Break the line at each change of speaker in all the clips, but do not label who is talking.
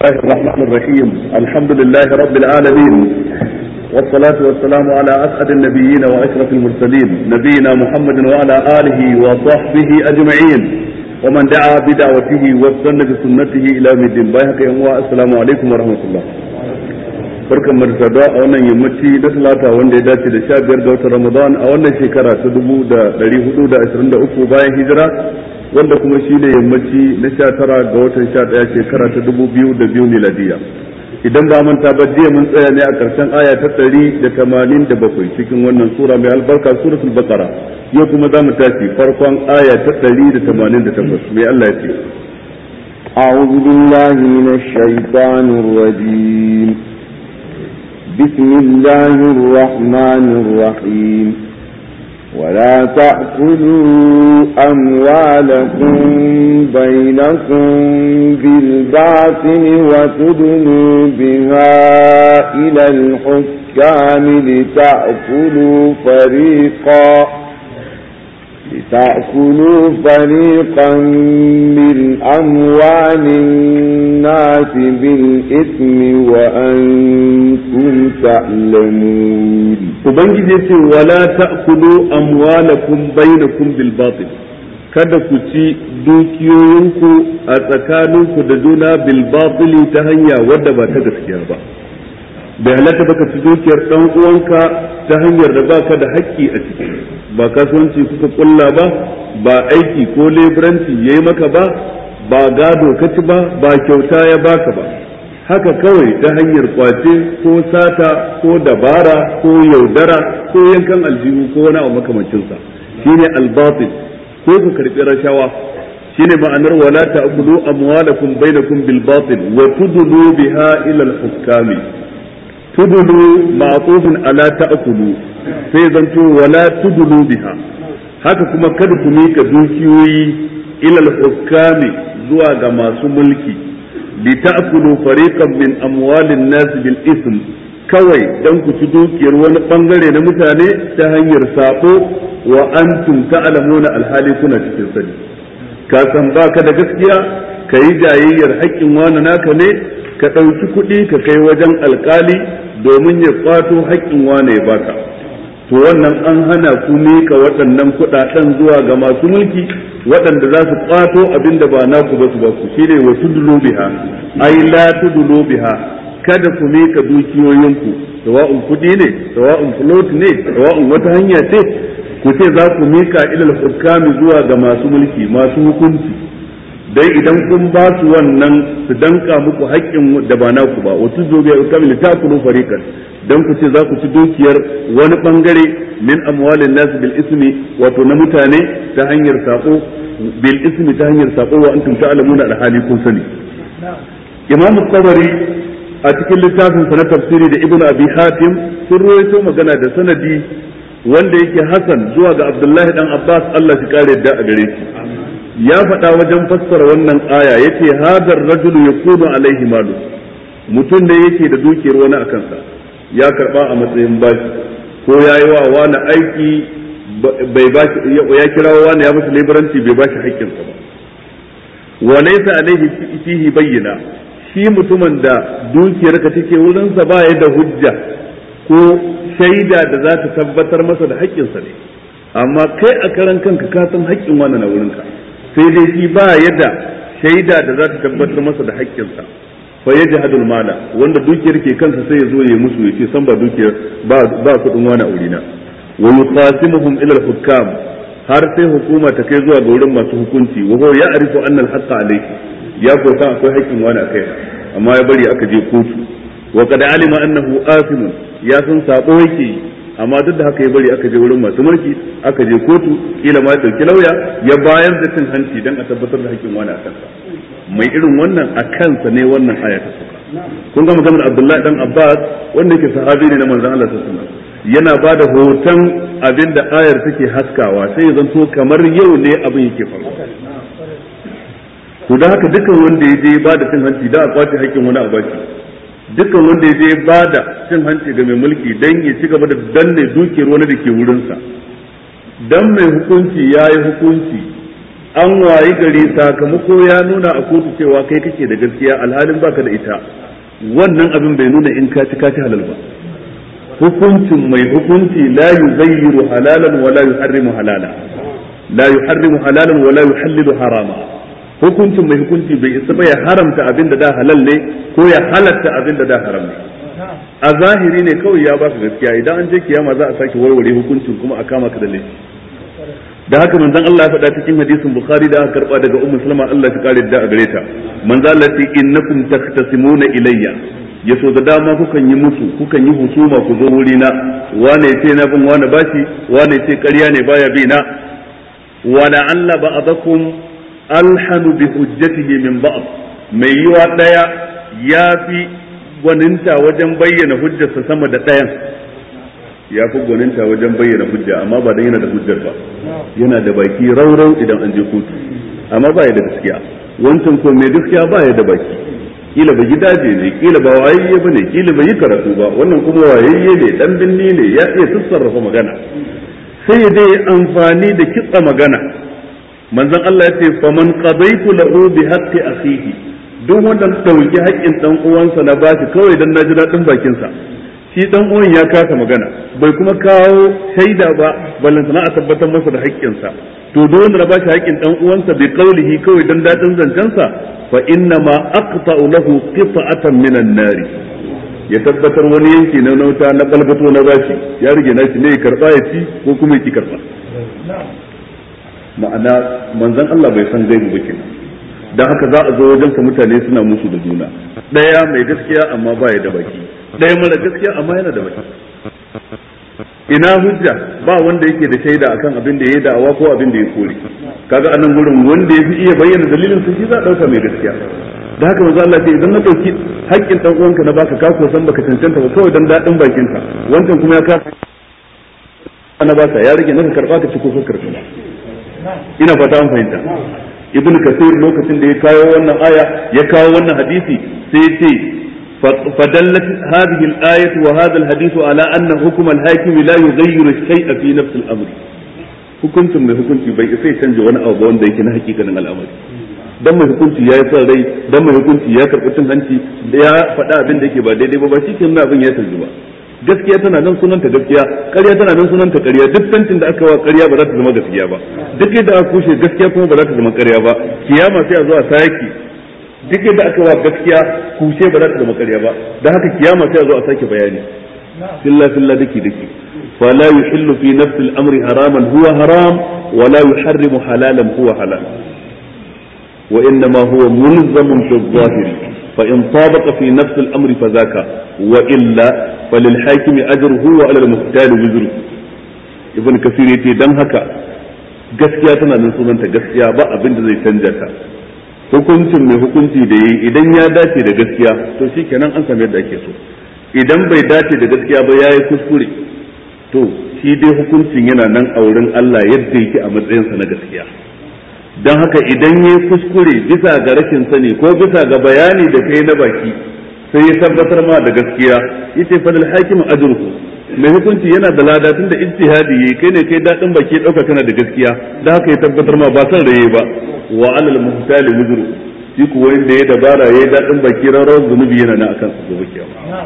طيب، الله الرحمن الرحيم الحمد لله رب العالمين والصلاة والسلام على أسعد النبيين وأشرف المرسلين نبينا محمد وعلى آله وصحبه أجمعين ومن دعا بدعوته وسن بسنته إلى مدين بايحك السلام عليكم ورحمة الله barkan mu da a wannan yammaci na talata wanda ya dace da sha biyar ga watan ramadan a wannan shekara ta dubu da dari hudu da ashirin da uku bayan hijira wanda kuma shi ne yammaci na sha tara ga watan sha ɗaya shekara ta dubu biyu da biyu miladiya idan ba manta ba jiya mun tsaya ne a ƙarshen aya ta ɗari da tamanin da bakwai cikin wannan sura mai albarka suratul baqara yau kuma za mu tashi farkon aya ta ɗari da tamanin da takwas mai allah ya ce
أعوذ بالله من الشيطان الرجيم بسم الله الرحمن الرحيم ولا تأكلوا أموالكم بينكم بالباطل وتدنوا بها إلى الحكام لتأكلوا فريقاً لتأكلوا فريقا من أموال الناس بالإثم وأنتم تعلمون وبنجد ولا تأكلوا أموالكم
بينكم بالباطل kada ku ci dukiyoyinku a tsakaninku da juna bilbatili ta hanya wadda ba ta gaskiya ba bai halatta baka ci dukiyar ɗan uwanka ta hanyar da baka da haƙƙi a ciki ba kasuwanci kuka kulla ba ba aiki ko leburanci ya yi maka ba ba gado ka ci ba ba kyauta ya baka ba haka kawai ta hanyar kwace ko sata ko dabara ko yaudara ko yankan aljihu ko wani abu makamancinsa shine albatil ko ku karbi rashawa shine ma'anar wala ta'kulu amwalakum bainakum bil batil wa tudlu biha ila al-hukami tudulu ma'tufun ala ta'kulu sai zanto wala tudulu biha haka kuma kada ku mika dukiyoyi ilal hukami zuwa ga masu mulki li ta'kulu fariqan min amwalin nas bil ism kawai dan ku ci dukiyar wani bangare na mutane ta hanyar sako wa antum ta'lamuna alhali kuna cikin sani ka san baka da gaskiya kai jayayyar haƙƙin wani naka ne ka ɗauki kuɗi ka kai wajen alkali domin ya kwato haƙƙin wane ya baka to wannan an hana ku miƙa waɗannan kuɗaɗen zuwa ga masu mulki waɗanda za su kwato abin da ba naku ba su ba ku shine wa tudulu biha ai la tudulu biha kada ku mika dukiyoyinku sawa'un kuɗi ne sawa'un float ne sawa'un wata hanya ce ku ce za ku mika ilal hukami zuwa ga masu mulki masu hukunci dai idan kun ba su wannan su danka muku haƙƙin da ba naku ba wasu zobe ya kamil ta kulu fariqan dan ku ce za ku ci dukiyar wani bangare min amwalin nasu bil ismi wato na mutane ta hanyar sako bil ismi ta hanyar sako wa antum ta'lamuna al hali kun sani imam tabari a cikin littafin sa na tafsiri da ibnu abi hatim sun ruwaito magana da sanadi wanda yake hasan zuwa ga abdullahi dan abbas Allah shi kare da a gare shi ya faɗa wajen fassara wannan aya yace hadar ya yakunu alaihi malu mutum da yake da dukiyar wani a kansa ya karba a matsayin bashi ko ya yi wa wani aiki bai bashi ya kira wani ya bashi laboranci bai bashi haƙƙinsa ba wa laysa alaihi fihi bayyana shi mutumin da dukiyar ka take wurinsa ba ya da hujja ko shaida da za ta tabbatar masa da haƙƙinsa ne amma kai a karan kanka ka san haƙƙin wani na wurinka sai dai shi ba yadda shaida da za ta tabbatar masa da haƙƙinsa fa yaji hadul mala wanda dukiyar ke kansa sai ya zo ya musu ya ce san ba dukiyar ba ba kudin wani aure na wa yuqasimuhum ila al-hukam har sai hukuma ta kai zuwa ga wurin masu hukunci wa huwa ya'rifu anna al-haqqa alayhi ya ko san akwai haƙƙin wani akai amma ya bari aka je kotu wa qad alima annahu asimun ya san sabo yake amma duk da haka ya bari aka je wurin masu mulki aka je kotu kila ma dauki lauya ya bayar da cin hanci dan a tabbatar da hakkin wani a sa mai irin wannan a kansa ne wannan aya ta kun ga maganar Abdullahi dan Abbas wanda yake sahabi ne na manzon Allah sallallahu alaihi wasallam yana ba da hoton abin da ayar take haskawa sai ya zanto kamar yau ne abin yake faruwa to da haka dukkan wanda ya je ba da cin hanci da a kwace hakkin wani a baki dukkan wanda ya je ba da cin hanci ga mai mulki dan ya ci gaba da danne dukiyar wani da ke wurinsa dan mai hukunci ya yi hukunci an wayi gari sakamako ya nuna a kotu cewa kai kake da gaskiya alhalin baka da ita wannan abin bai nuna in ka ci ka ci halal ba hukuncin mai hukunci la yi halalan wa la yuharrimu halala la yuharrimu halalan wa yuhallilu harama hukuncin mai hukunci bai isa ba ya haramta abin da da halal ne ko ya halatta abin da da haram ne a zahiri ne kawai ya baka gaskiya idan an je kiyama za a sake warware hukuncin kuma a kama ka da laifi da haka manzon Allah ya faɗa cikin hadisin Bukhari da aka karba daga Ummu Salama Allah ta kare da a gare ta manzon Allah ya innakum taqtasimuna ilayya yaso da dama kukan yi musu kukan yi husuma ku zo wuri na wane ce na bin wane bashi wane ce ƙarya ne baya bi na wa la'alla ba'dakum alhanu bi hujjatihi min ba'd mai yiwa daya yafi gwaninta wajen bayyana hujjarsa sama da dayan ya fi gwaninta wajen bayyana hujja amma ba dan yana da hujjar ba yana da baki raurau idan an je kotu amma ba ya da gaskiya wancan ko mai gaskiya ba ya da baki kila ba gidaje ne kila ba wayayye ba ne kila bai yi karatu ba wannan kuma wayayye ne dan binni ne ya iya sassarrafa magana sai dai amfani da kitsa magana manzon Allah ya ce faman qadaytu lahu bi haqqi akhihi duk wanda dauki haƙƙin dan uwansa na bashi kawai dan naji dadin bakin sa shi dan uwan ya kasa magana bai kuma kawo shaida ba ballantana a tabbatar masa da haƙƙin sa to duk wanda na bashi haƙƙin dan uwansa bi qawlihi kawai dan dadin sa fa inna ma aqta lahu qita'atan minan nari ya tabbatar wani yanki na nauta na balbato na bashi ya rige na shi ne ya karba ya ci ko kuma ya ki karba ma'ana manzon Allah bai san gaibu ba dan haka za a zo wajen sa mutane suna musu da juna daya mai gaskiya amma ba ya da baki daya mara gaskiya amma yana da baki ina hujja ba wanda yake da shaida akan abin da yayi da'awa ko abin da ya kore kaga anan gurin wanda ya fi iya bayyana dalilin sa shi za a dauka mai gaskiya da haka manzo Allah ce idan na dauki haƙƙin dan uwanka na baka ka san baka cancanta ba kawai dan dadin bakin ka wancan kuma ya ka ana ba ta ya rage naka karba ka ci ko ka ina fata an fahimta ibn kasir lokacin da ya kawo wannan aya ya kawo wannan hadisi sai ce فدلت هذه الآية وهذا الحديث على أن حكم الحاكم لا يغير الشيء في نفس الأمر hukuncin mai hukunci bai sai canja wani abu wanda yake na hakikanin al'amari dan mai hukunci ya yi rai dan mai hukunci ya karɓi cin hanci ya faɗa abin da yake ba daidai ba ba shi ke abin ya canji ba gaskiya tana nan sunanta gaskiya ƙarya tana nan sunanta ƙarya duk tantin da aka wa ƙarya ba za ta zama gaskiya ba duk yadda aka kushe gaskiya kuma ba za ta zama ƙarya ba kiyama sai a zo a saki duk yadda aka wa gaskiya kushe ba za ta zama ƙarya ba don haka kiyama sai a zo a sake bayani filla filla dake dake فلا يحل في نفس الأمر حراما هو حرام ولا يحرم حلالا هو حلال وإنما huwa mulzamun bi-dhahiri fa ba tabaqa fi nafs al-amri fa zaka wa illa falil hakim ajruhu wa ala al-muqtadi wizru ibn kasir yace dan haka gaskiya tana nan sunanta gaskiya ba abin da zai canja ta hukuncin mai hukunci da yi idan ya dace da gaskiya to shikenan an samu yadda ake so idan bai dace da gaskiya ba yayi kuskure to shi dai hukuncin yana nan a wurin Allah yadda yake a matsayinsa na gaskiya don haka idan ya kuskure bisa ga rashin sani ko bisa ga bayani da kai na baki sai ya tabbatar ma da gaskiya fa falal hakim ajruhu mai hukunci yana da lada tunda ijtihadi yayi kai ne kai dadin baki dauka kana da gaskiya da haka ya tabbatar ma ba san raye ba wa alal muhtali wuzru shi kuwa wanda ya dabara yayi dadin baki ran zunubi yana na akan su gobe kiyama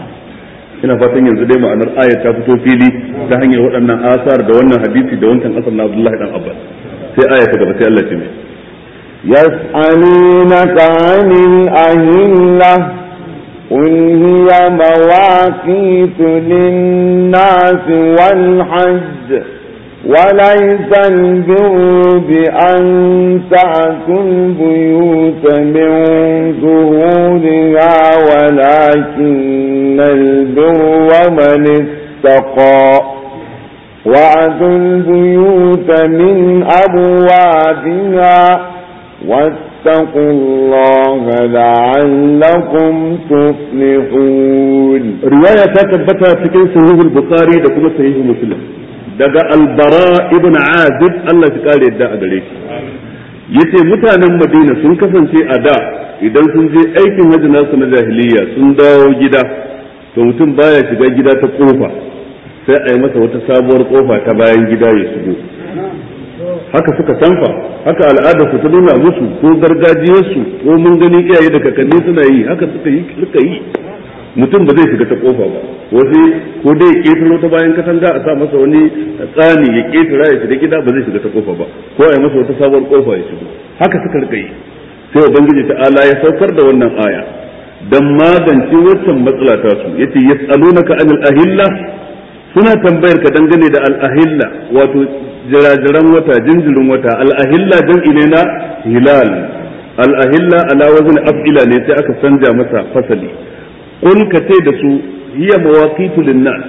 ina fatan yanzu dai ma'anar ayat ta fito fili ta hanyar waɗannan asar da wannan hadisi da wancan asar na Abdullahi dan abba sai aya ta gaba sai Allah ce mai
yas'alunaka 'anil ahilla qul hiya mawaqitu lin-nas wal-hajj وليس البر بأن تأتوا البيوت من ظهورها ولكن البر من اتقى وأتوا البيوت من أبوابها واتقوا الله لعلكم تفلحون رواية تثبت
في صحيح البخاري دكما صحيح مسلم daga albara ibn عازب Allah تقال kare yadda a gare yace mutanen madina sun kasance a da idan sun je aikin hajji nasu na jahiliya sun dawo gida to mutum baya shiga gida ta kofa sai a yi masa wata sabuwar kofa ta bayan gida ya shigo haka suka sanfa haka al'ada su ta nuna musu ko gargajiyarsu ko mun gani iyaye da kakanni suna yi haka suka yi suka yi mutum ba zai shiga ta kofa ba wasu ko dai ya ketaro ta bayan katanga a sa masa wani tsani ya ketara ya shiga gida ba zai shiga ta kofa ba ko a yi masa wata sabuwar kofa ya shigo haka suka rika yi sai ubangiji ta'ala ya saukar da wannan aya dan magance waccan matsala ta su yace yas'alunaka anil ahilla suna tambayar ka dangane da al'ahilla wato jirajiran wata jinjirin wata al'ahilla jam'i ne na hilal al'ahilla ala wazn af'ila ne sai aka sanja masa fasali kun ka ce da su hiya mawaqitu linnas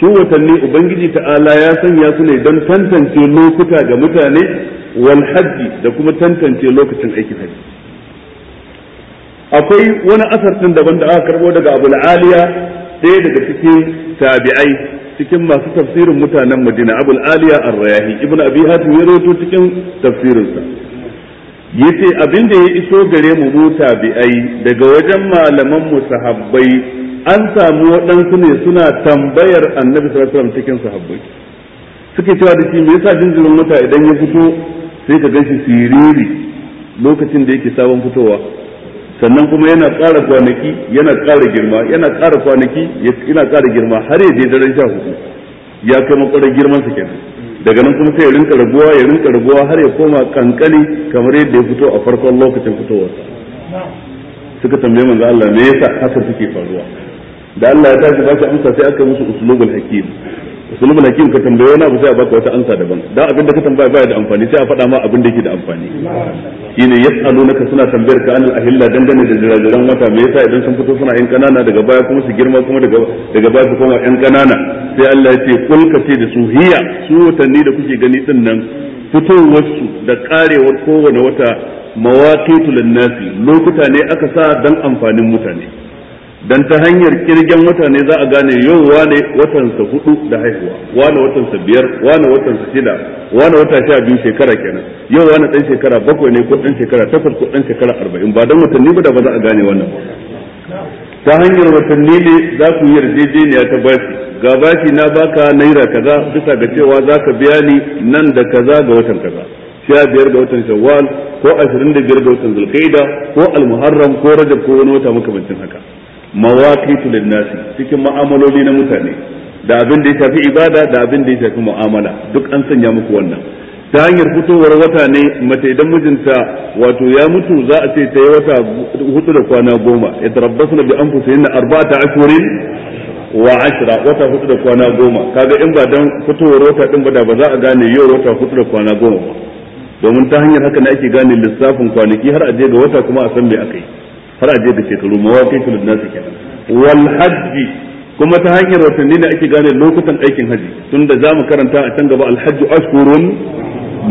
su watanni ubangiji ta'ala ya sanya su ne don tantance lokuta ga mutane wal hajji da kuma tantance lokacin aikin hajji akwai wani asar din daban da aka karbo daga abul aliya ɗaya daga cikin tabi'ai cikin masu tafsirin mutanen Madina Abul Aliya Ar-Rayahi Ibn Abi Hatim ya rawaito cikin tafsirinsa yace abin da ya iso gare mu mota bi'ai daga wajen malaman mu sahabbai an samu waɗansu ne suna tambayar Annabi sallallahu alaihi cikin sahabbai suke cewa da shi me yasa jinjirin mota idan ya fito sai ka ganshi siriri lokacin da yake sabon fitowa sannan kuma yana ƙara kwanaki yana ƙara girma yana ƙara kwanaki yana ƙara girma har ya je daren sha hudu ya kai makwarar girmansa kenan daga nan kuma sai ya rinka raguwa ya rinka raguwa har ya koma kankani kamar yadda ya fito a farkon lokacin fitowarsa suka tambaye manzo Allah me yasa haka suke faruwa da Allah ya tashi ba shi amsa sai aka musu uslubul hakim sulmu na kin ka tambaye wani abu sai a baka wata ansa daban dan abin da ka tambaya baya da amfani sai a faɗa ma abin da yake da amfani shine yas'alunaka suna tambayar ka anil ahilla dangane da jirajiran wata me yasa idan sun fito suna yan kanana daga baya kuma su girma kuma daga daga baya su koma yan kanana sai Allah ya ce kul ka ce da su hiya su watanni da kuke gani din nan fitowar su da karewar kowane wata mawaqitul nasi lokuta ne aka sa dan amfanin mutane dan ta hanyar kirgen mutane za a gane yau wane watansa hudu da haihuwa wane watansa biyar wane watansa shida wane wata sha biyu shekara kenan yau wane dan shekara bakwai ne ko dan shekara takwas ko dan shekara arba'in ba dan watanni ba da ba za a gane wannan ta hanyar watanni ne za ku yi yarjejeniya ta bashi ga bashi na baka naira kaza bisa ga cewa za ka biya ni nan da kaza ga watan kaza sha biyar ga watan shawwal ko ashirin da biyar ga watan zulkaida ko almuharram ko rajab ko wani wata makamancin haka mawaqitu linnasi cikin mu'amaloli na mutane da abin da ya shafi ibada da abin da ya shafi mu'amala duk an sanya muku wannan ta hanyar fitowar wata ne mace idan mijinta wato ya mutu za a ce ta yi wata hutu da kwana goma ya tarabbasu na bi an na arba'ata ashirin wa ashira wata hutu da kwana goma kaga in ba dan fitowar wata din ba da ba za a gane yau wata hutu da kwana goma ba domin ta hanyar haka ne ake gane lissafin kwanaki har a je ga wata kuma a san me aka yi har a je da shekaru mawaqitul nas kenan wal hajj kuma ta hanyar watanni da ake gane lokutan aikin haji tunda za mu karanta a can gaba al hajj ashhurun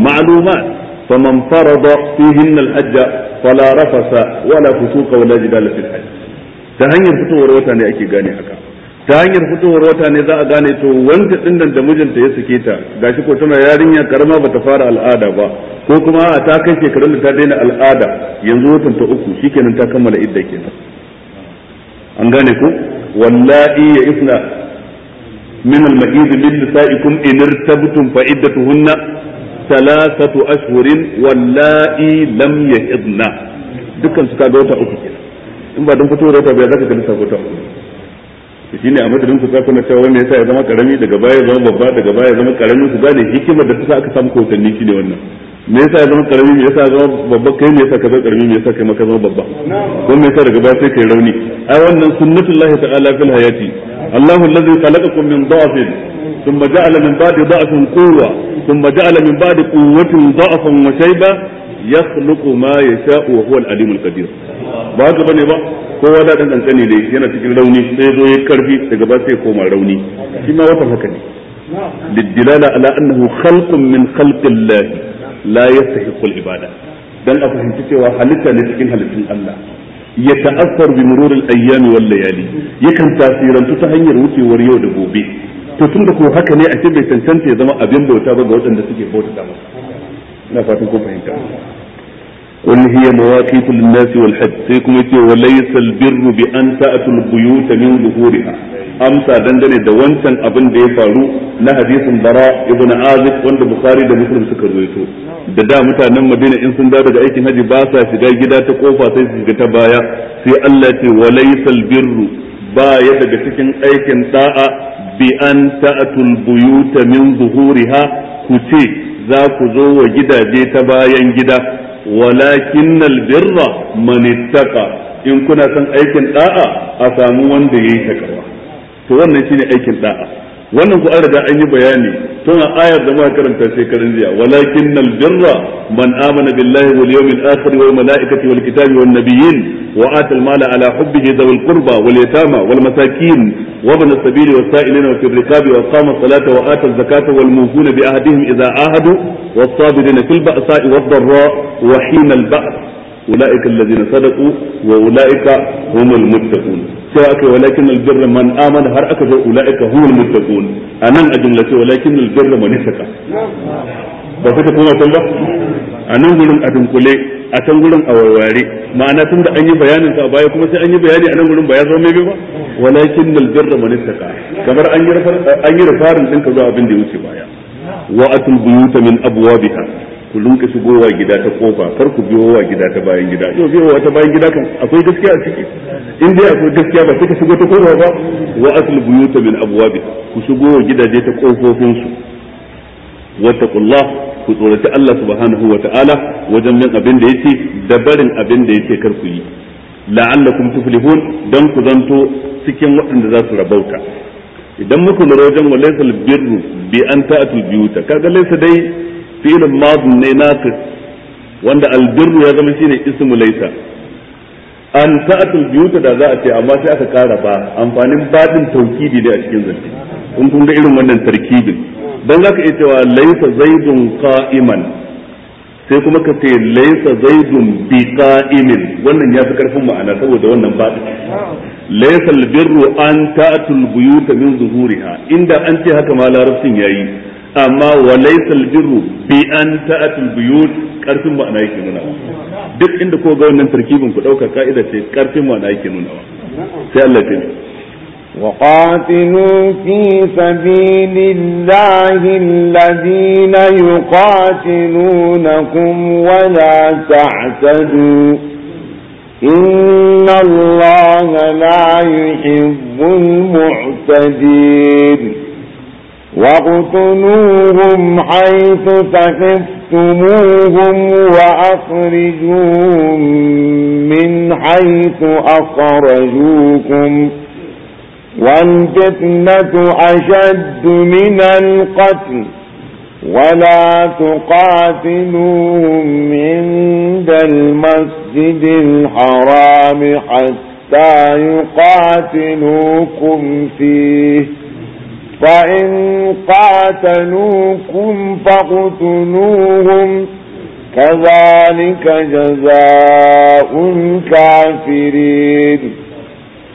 ma'lumat faman farada fihinna al hajj fala rafasa wala fusuqa wala jidala fil hajj ta hanyar fitowar wata ne ake gane haka ta hanyar fitowar wata ne za a gane to wanda din da mijinta ya sake ta gashi ko tana yarinya karama bata fara al'ada ba ko kuma a ta kai shekarun da ta daina al'ada yanzu watan ta uku shikenan ta kammala idda kenan an gane ku wallahi ya isna min al-ma'iz lil nisa'ikum in irtabtum fa iddatuhunna thalathatu ashhurin wallahi lam yahidna dukkan su kaga wata uku kenan in ba don fito da wata bai zaka ga lissafa wata uku shine a madadin ku sai kuna cewa wannan yasa ya zama karami daga baya zama babba daga baya zama karamin ku gane hikimar da ta aka samu kotanni shine wannan me yasa ya zama karami me yasa zama babba kai me yasa ka zama karami me yasa kai maka zama babba ko me yasa daga baya sai kai rauni ai wannan sunnatullahi ta'ala fil hayati Allahu allazi khalaqakum min dha'fin ja'ala min ba'di dha'fin quwwa thumma ja'ala min ba'di quwwatin dha'fan wa shayba yakhluqu ma yasha'u wa huwa al-alimul qadir ba haka bane ba kowa da dan kankani ne yana cikin rauni sai zo ya karfi daga ba sai koma rauni shi ma wata haka ne lidilala ala annahu khalqun min khalqillah la yastahiqu al-ibada dan a fahimci cewa halitta ne cikin halittun Allah ya ta'affar bi murur al-ayyam wal layali yakan tasirantu ta hanyar wucewar yau da gobe to tun da ko haka ne a ce bai tantance ya zama abin bauta ba ga waɗanda suke bauta masa ina fatan ko fahimta قل هي مواقيت للناس والحج سيكم يتي وليس البر بأن تأتوا البيوت من ظهورها أمسى دندني دوانتا أبن دي فارو نحديث براء ابن عازب وند بخاري ده مسلم سكر ويتو da da mutanen Madina in sun dawo daga aikin haji ba sa shiga gida ta kofa sai su shiga ta baya sai Allah ce walaysal birru baya daga cikin aikin da'a bi an ta'atul min zuhuriha ku ce za ku zo wa gidaje ta bayan gida walakinnal birra man ittaqa in kuna son aikin da'a a samu wanda yayi takawa to wannan shine aikin da'a wannan ku an riga an yi bayani tun a ayar da muka karanta shekarun jiya walakin nal birra man amana billahi wal yawmil akhir wal malaikati wal kitabi wan nabiyyin wa ata al mala ala hubbihi dhawil qurba wal yatama wal masakin wa ibn as-sabil wa sa'ilina wa fil riqabi wa qama salata wa ata az-zakata wal mufuna bi ahdihim idha ahadu was sabirina fil ba'sa'i wad dharra wa hina al أولئك الذين صدقوا وأولئك هم المتقون سواء ولكن البر من آمن هر أولئك هم المتقون أنا أجملة ولكن البر من اتقى ba ka tafi matan ba a nan gurin a dunkule a can a warware ma'ana tun da an bayanin ta baya kuma sai an yi bayani a nan gurin ba ya zama ba walakin nal birra man ittaqa kamar an yi ka zuwa abin da ya wuce baya ku lunka gowa gida ta kofa kar ku biyowa gida ta bayan gida yau ta bayan gida kan akwai gaskiya a ciki in dai akwai gaskiya ba kika shigo ta kofa ba wa asl buyuta min abwabi ku shigo gidaje ta kofofin su wattaqullah ku tsoraci Allah subhanahu wa ta'ala wajen min abin da yake da barin abin da yake kar ku yi la'allakum tuflihun dan ku zanto cikin waɗanda za su rabauta idan muka lura wajen wa birru bi an ta'atul biyuta kaga laysa dai Filin madin ne naqis wanda albirru ya zama shine ismu laysa an ta'atul biyuta da za a ce amma sai aka kara ba amfanin badin taukidi ne a cikin zance in kun ga irin wannan tarkibin dan zaka iya cewa Laisa zaidun qa'iman sai kuma ka ce Laisa zaidun bi qa'imin wannan ya fi karfin ma'ana saboda wannan ba Laisa albirru an ta'atul buyuta min zuhuriha inda an ce haka ma larabcin yayi amma wa laysal birru bi an ta'atul buyut karfin ma'ana yake nuna duk inda ko ga wannan tarkibin ku dauka ka'ida ce
karfin ma'ana yake nuna sai Allah ta وقاتلوا في سبيل الله الذين يقاتلونكم ولا تعتدوا إن الله لا يحب المعتدين واقتلوهم حيث تكفتموهم وأخرجوهم من حيث أخرجوكم والفتنة أشد من القتل ولا تقاتلوهم عند المسجد الحرام حتى يقاتلوكم فيه فإن قاتلوكم فاقتلوهم كذلك جزاء الكافرين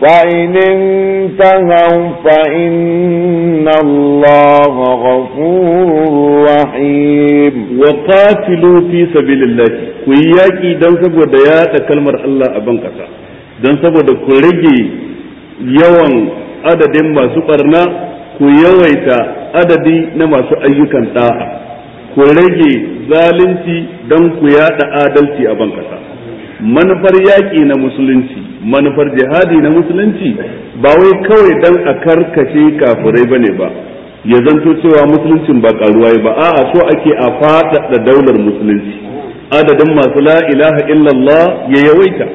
فإن انتهوا فإن الله غفور رحيم وقاتلوا
في سبيل الله وياكي دون سبب ديات كلمة الله أبنك دون سبب كرجي يوم adadin masu barna ku yawaita adadi na masu ayyukan da'a ku rage zalunci don ku yada adalci a ban kasa manufar yaƙi na musulunci manufar jihadi na musulunci ba wai kawai don a karkace kafirai ba ne ba ya zanto cewa musuluncin ba karuwa ba a'a so ake a faɗaɗa daular musulunci adadin masu la ilaha illallah ya yawaita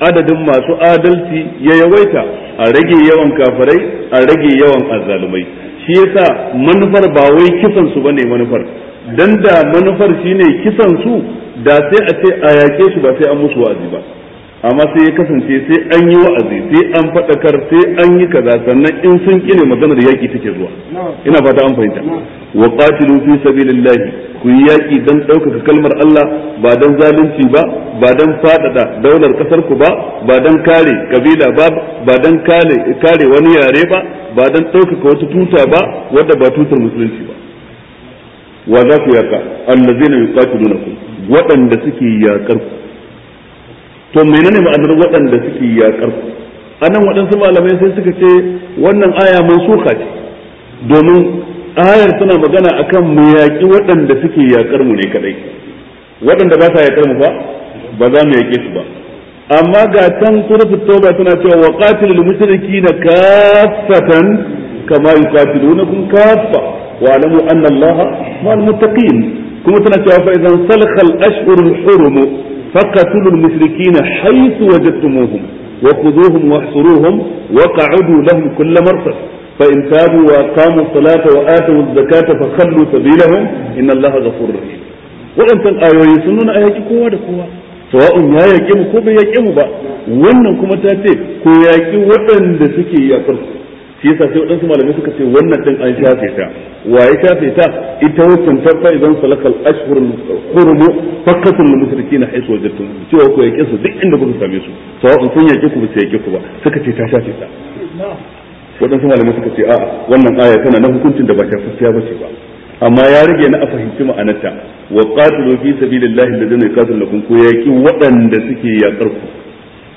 adadin masu adalci ya yawaita a rage yawan kafirai a rage yawan azzalumai shi yasa manufar ba wai kisan su bane manufar dan da manufar shine kisan su da sai a ce a yake su ba sai an musu wa'azi ba amma sai ya kasance sai an yi wa'azi sai an faɗakar sai an yi kaza sannan in sun kine maganar yaki take zuwa ina fata an fahimta wa qatilu fi sabilillahi ku yi yaƙi dan ɗaukaka kalmar Allah ba dan zalunci ba ba dan faɗaɗa daular kasar ku ba ba dan kare kabila ba ba dan kare kare wani yare ba ba dan ɗaukaka wata tuta ba wadda ba tutar musulunci ba wa za ku yaka allazina yuqatilunakum waɗanda suke yaƙar ku to menene ma'anar waɗanda suke yaƙar anan waɗansu malamai sai suka ce wannan aya mansuka ce domin ayar suna magana akan mu yaƙi waɗanda suke yakar mu ne kadai waɗanda ba sa yaƙar mu ba ba za mu yaƙe su ba amma ga tan suratul tauba tana cewa wa qatilul na kaffatan kama yuqatilunakum kaffa wa alamu anna allaha ma'al muttaqin kuma tana cewa fa idan salakha al-ashhurul hurum فقتلوا المشركين حيث وجدتموهم وخذوهم واحصروهم وقعدوا لهم كل مرصد فإن تابوا وأقاموا الصلاة وآتوا الزكاة فخلوا سبيلهم إن الله غفور رحيم وإن ayoyi sun nuna a yaƙi kowa سواء يا sawa'un ya yaƙi mu ko bai yaƙi mu ba يا kuma shi yasa sai waɗansu malamai suka ce wannan ɗin an shafe ta waye shafe ta ita wancan tabba idan salakal ashhurul hurum fakatul musrikin haisu wajadtum cewa ko yake su duk inda kuka same su sawa'un sun yake ku ba sai yake ku ba suka ce ta shafe ta wadansu malamai suka ce a'a wannan aya tana na hukuncin da ba ta shafaffiya ba ce ba amma ya rage na a fahimci ma'anarta wa qatilu fi sabilillahi alladhina yuqatilukum ko yaki waɗanda suke yakar ku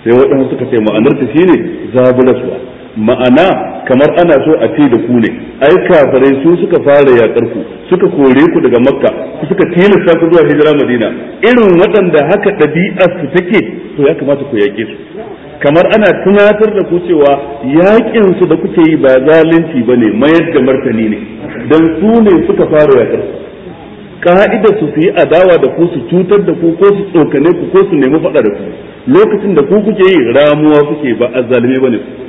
sai waɗansu suka ce ma'anarta shine zabulaswa ma'ana kamar ana so a ce da ku ne ai kafirai su suka fara yakar ku suka kore ku daga makka suka tilasta ku zuwa hijira madina irin waɗanda haka ɗabi'ar su take to ya kamata ku yaƙe su kamar ana tunatar da ku cewa yaƙin su da kuke yi ba zalunci ba ne mayar da martani ne dan su ne suka fara yakar ku ka'idar su su yi adawa da ku su cutar da ku ko su tsokane ku ko su nemi faɗa da ku lokacin da ku kuke yi ramuwa kuke ba azzalumi bane ku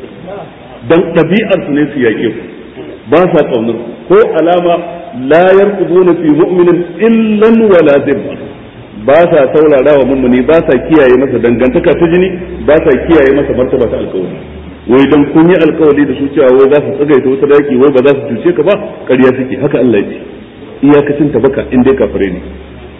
dan ɗabi'ar su ne su yake ku ba sa kaunar ko alama la yarquduna fi mu'minin illa wala zimma ba sa wa mummuni ba sa kiyaye masa dangantaka ta jini ba sa kiyaye masa martaba ta alƙawari wai dan kun yi alƙawari da su cewa wai za su tsagaita wata daki wai ba za su cuce ka ba ƙarya suke haka Allah ya ce iyakacin tabaka baka in dai kafare ne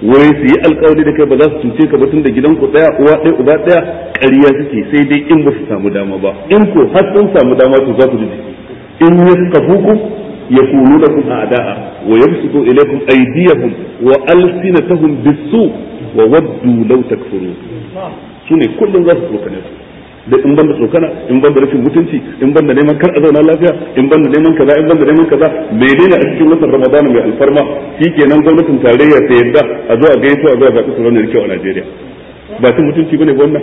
wai su yi alkawari da kai ba za su cuce ka ba tun da gidan ku daya uwa daya uba daya ƙarya suke sai dai in ba su samu dama ba in ko har sun samu dama to za ku ji jiki in kunu da lakum a'da'a wa yabsutu ilaykum aydiyahum wa alsinatahum ta wa waddu law takfurun sune kullum za su tsokane su da in banda tsokana in banda rashin mutunci in banda neman kar a zauna lafiya in banda neman kaza in banda neman kaza menene a cikin watan ramadan mai alfarma shikenan gwamnatin tarayya ta yadda a zo a gaito a zo a zaɓi su da kyau a najeriya ba cin mutunci ba bane wannan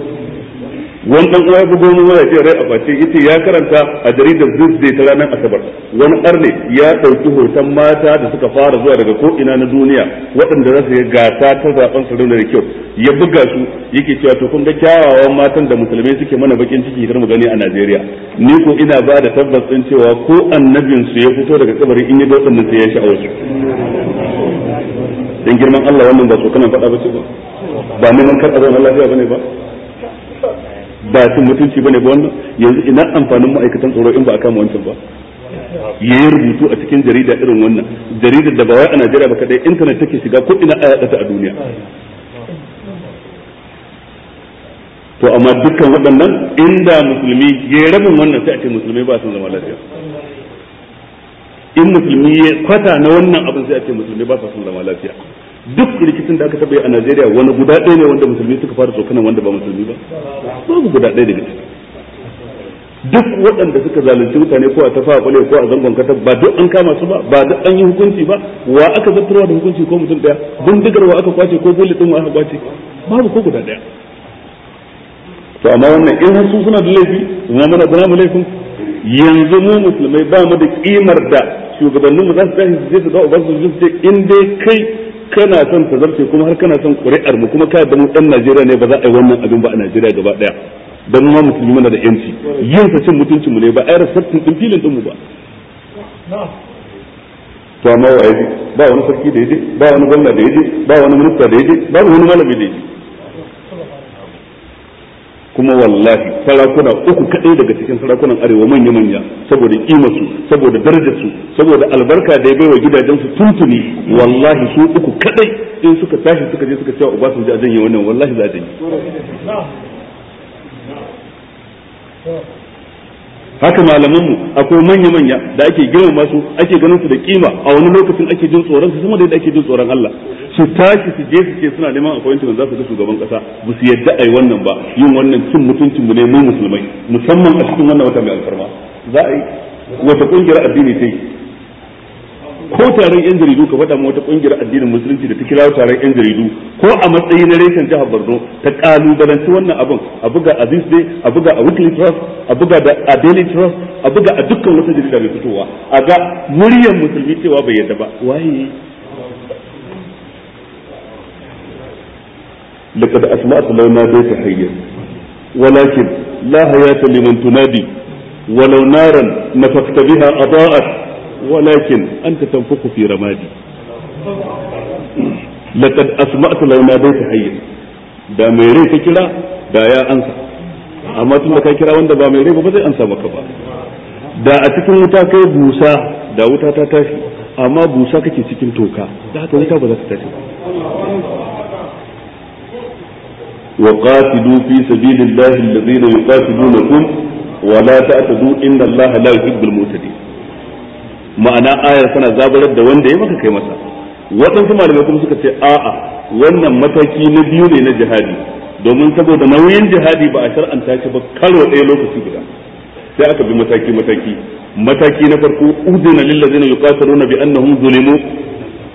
wani dan uwa ya bugo mu waya ce rai a face yace ya karanta a jaridar zai ta ranar Asabar wani arne ya ɗauki hoton mata da suka fara zuwa daga ko ina na duniya waɗanda za su yi gasa ta zaben su da kyau ya buga su yake cewa to kun ga kyawawan matan da musulmai suke mana bakin ciki kar mu gani a Najeriya ni ko ina ba da tabbas din cewa ko annabin su ya fito daga kabari in yi ga waɗannan sai ya sha'awar su dan girman Allah wannan ba so kana faɗa ba ce ba ba neman kar a zauna ba bane ba ba su mutunci bane ba wannan yanzu ina amfanin ma'aikatan tsaro in ba a kama wancan ba ya yi rubutu a cikin jarida irin wannan jarida da bawai a Najeriya ba kadai intanet take shiga ko ina a yaɗa ta a duniya to amma dukkan waɗannan inda musulmi ya rabin wannan sai a ce musulmi ba sun zama lafiya in musulmi ya kwata na wannan abin sai a ce musulmi ba sun zama lafiya duk rikicin da aka taɓa yi a Najeriya wani guda ɗaya ne wanda musulmi suka fara tsokanan wanda ba musulmi ba babu guda ɗaya daga ciki duk waɗanda suka zalunci mutane ko a tafa a kwale ko a zangon katab ba duk an kama su ba ba duk an yi hukunci ba wa aka zartarwa da hukunci ko mutum ɗaya bindigar wa aka kwace ko bulle ɗin wa aka kwace babu ko guda ɗaya to amma wannan in har su suna da laifi ina mana guna mu laifin yanzu mu musulmai ba mu da kimar da mu za su tashi su je su ga ubansu su ce in dai kai kana son ta zarce kuma har kana son ƙuri'ar mu kuma kai da mu dan Najeriya ne ba za a yi wannan abin ba a Najeriya gaba daya dan ma musulmi mana da yanci yin sa cin mutuncin mu ne ba ai rasattin din filin din mu ba to amma wa ba wani sarki da yaje ba wani gwamna da yaje ba wani minista da yaje ba wani malami da yaje kuma wallahi sarakuna uku kadai daga cikin sarakunan arewa manya manya saboda kimarsu saboda darajarsu saboda albarka da ya baiwa gidajen su tuntuni wallahi su uku kadai in suka tashi suka je suka cewa ubasanji a janye wannan wallahi za a janye haka malamanmu akwai manya manya da ake girmama su ake ganin su da kima a wani lokacin ake jin tsoron su sama da yadda ake jin tsoron Allah su tashi su je su ce suna neman appointment za su ga shugaban kasa ba su yadda ai wannan ba yin wannan cin mutuncin mu ne mu musulmai musamman a cikin wannan wata mai alfarma za a yi wata kungiyar addini ta yi ko taron yan jaridu ka faɗa wata kungiyar addinin musulunci da ta kira taron yan jaridu ko a matsayi na reshen jihar Borno ta kalubalanci wannan abin a buga a this day a buga a weekly trust a buga da a daily trust a buga a dukkan wata jarida mai fitowa a ga muryar musulmi cewa bai yadda ba waye لقد أسمعت لو ناديت حيا ولكن لا حياة لمن تنادي ولو نارا نفخت بها أضاءت ولكن أنت تنفخ في رمادي لقد أسمعت لو ناديت حيا da mai rai ka kira da ya ansa amma tun da ka kira wanda ba mai rai ba zai ansa maka ba da a cikin wuta kai busa da wuta ta amma busa kake cikin toka da haka wuta ba za ta tashi وقاتلوا في سبيل الله الذين يقاتلونكم ولا تعتدوا إن الله لا يحب المعتدين ma'ana ayar tana zabarar da wanda ya maka kai masa waɗansu malamai kuma suka ce a'a wannan mataki na biyu ne na jihadi domin saboda nauyin jihadi ba a shar'anta shi ba karo ɗaya lokaci guda sai aka bi mataki mataki mataki na farko udina lil yuqatiluna bi annahum zulimu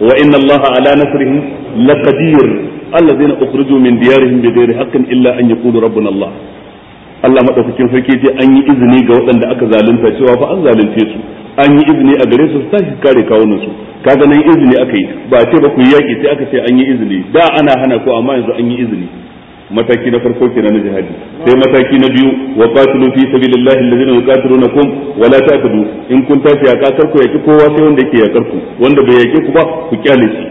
wa inna allaha ala nasrihim laqadir alladhina ukhrijoo min diyarihim bighairi haqqin illa an yaqulu rabbuna allah Allah madaukakin sarki ce an yi izini ga waɗanda aka zalunta cewa fa an zalunce su an yi izini a gare su su tashi kare kawunan su kaga nan izini aka yi ba ce ba ku yaki sai aka ce an yi izini da ana hana ko amma yanzu an yi izini mataki na farko kenan na jihadi sai mataki na biyu wa qatilu fi sabilillahi alladhina yuqatilunakum wa la ta'tadu in kun tafi ya kakar ku yaki kowa sai wanda yake yakar ku wanda bai yake ku ba ku kyale shi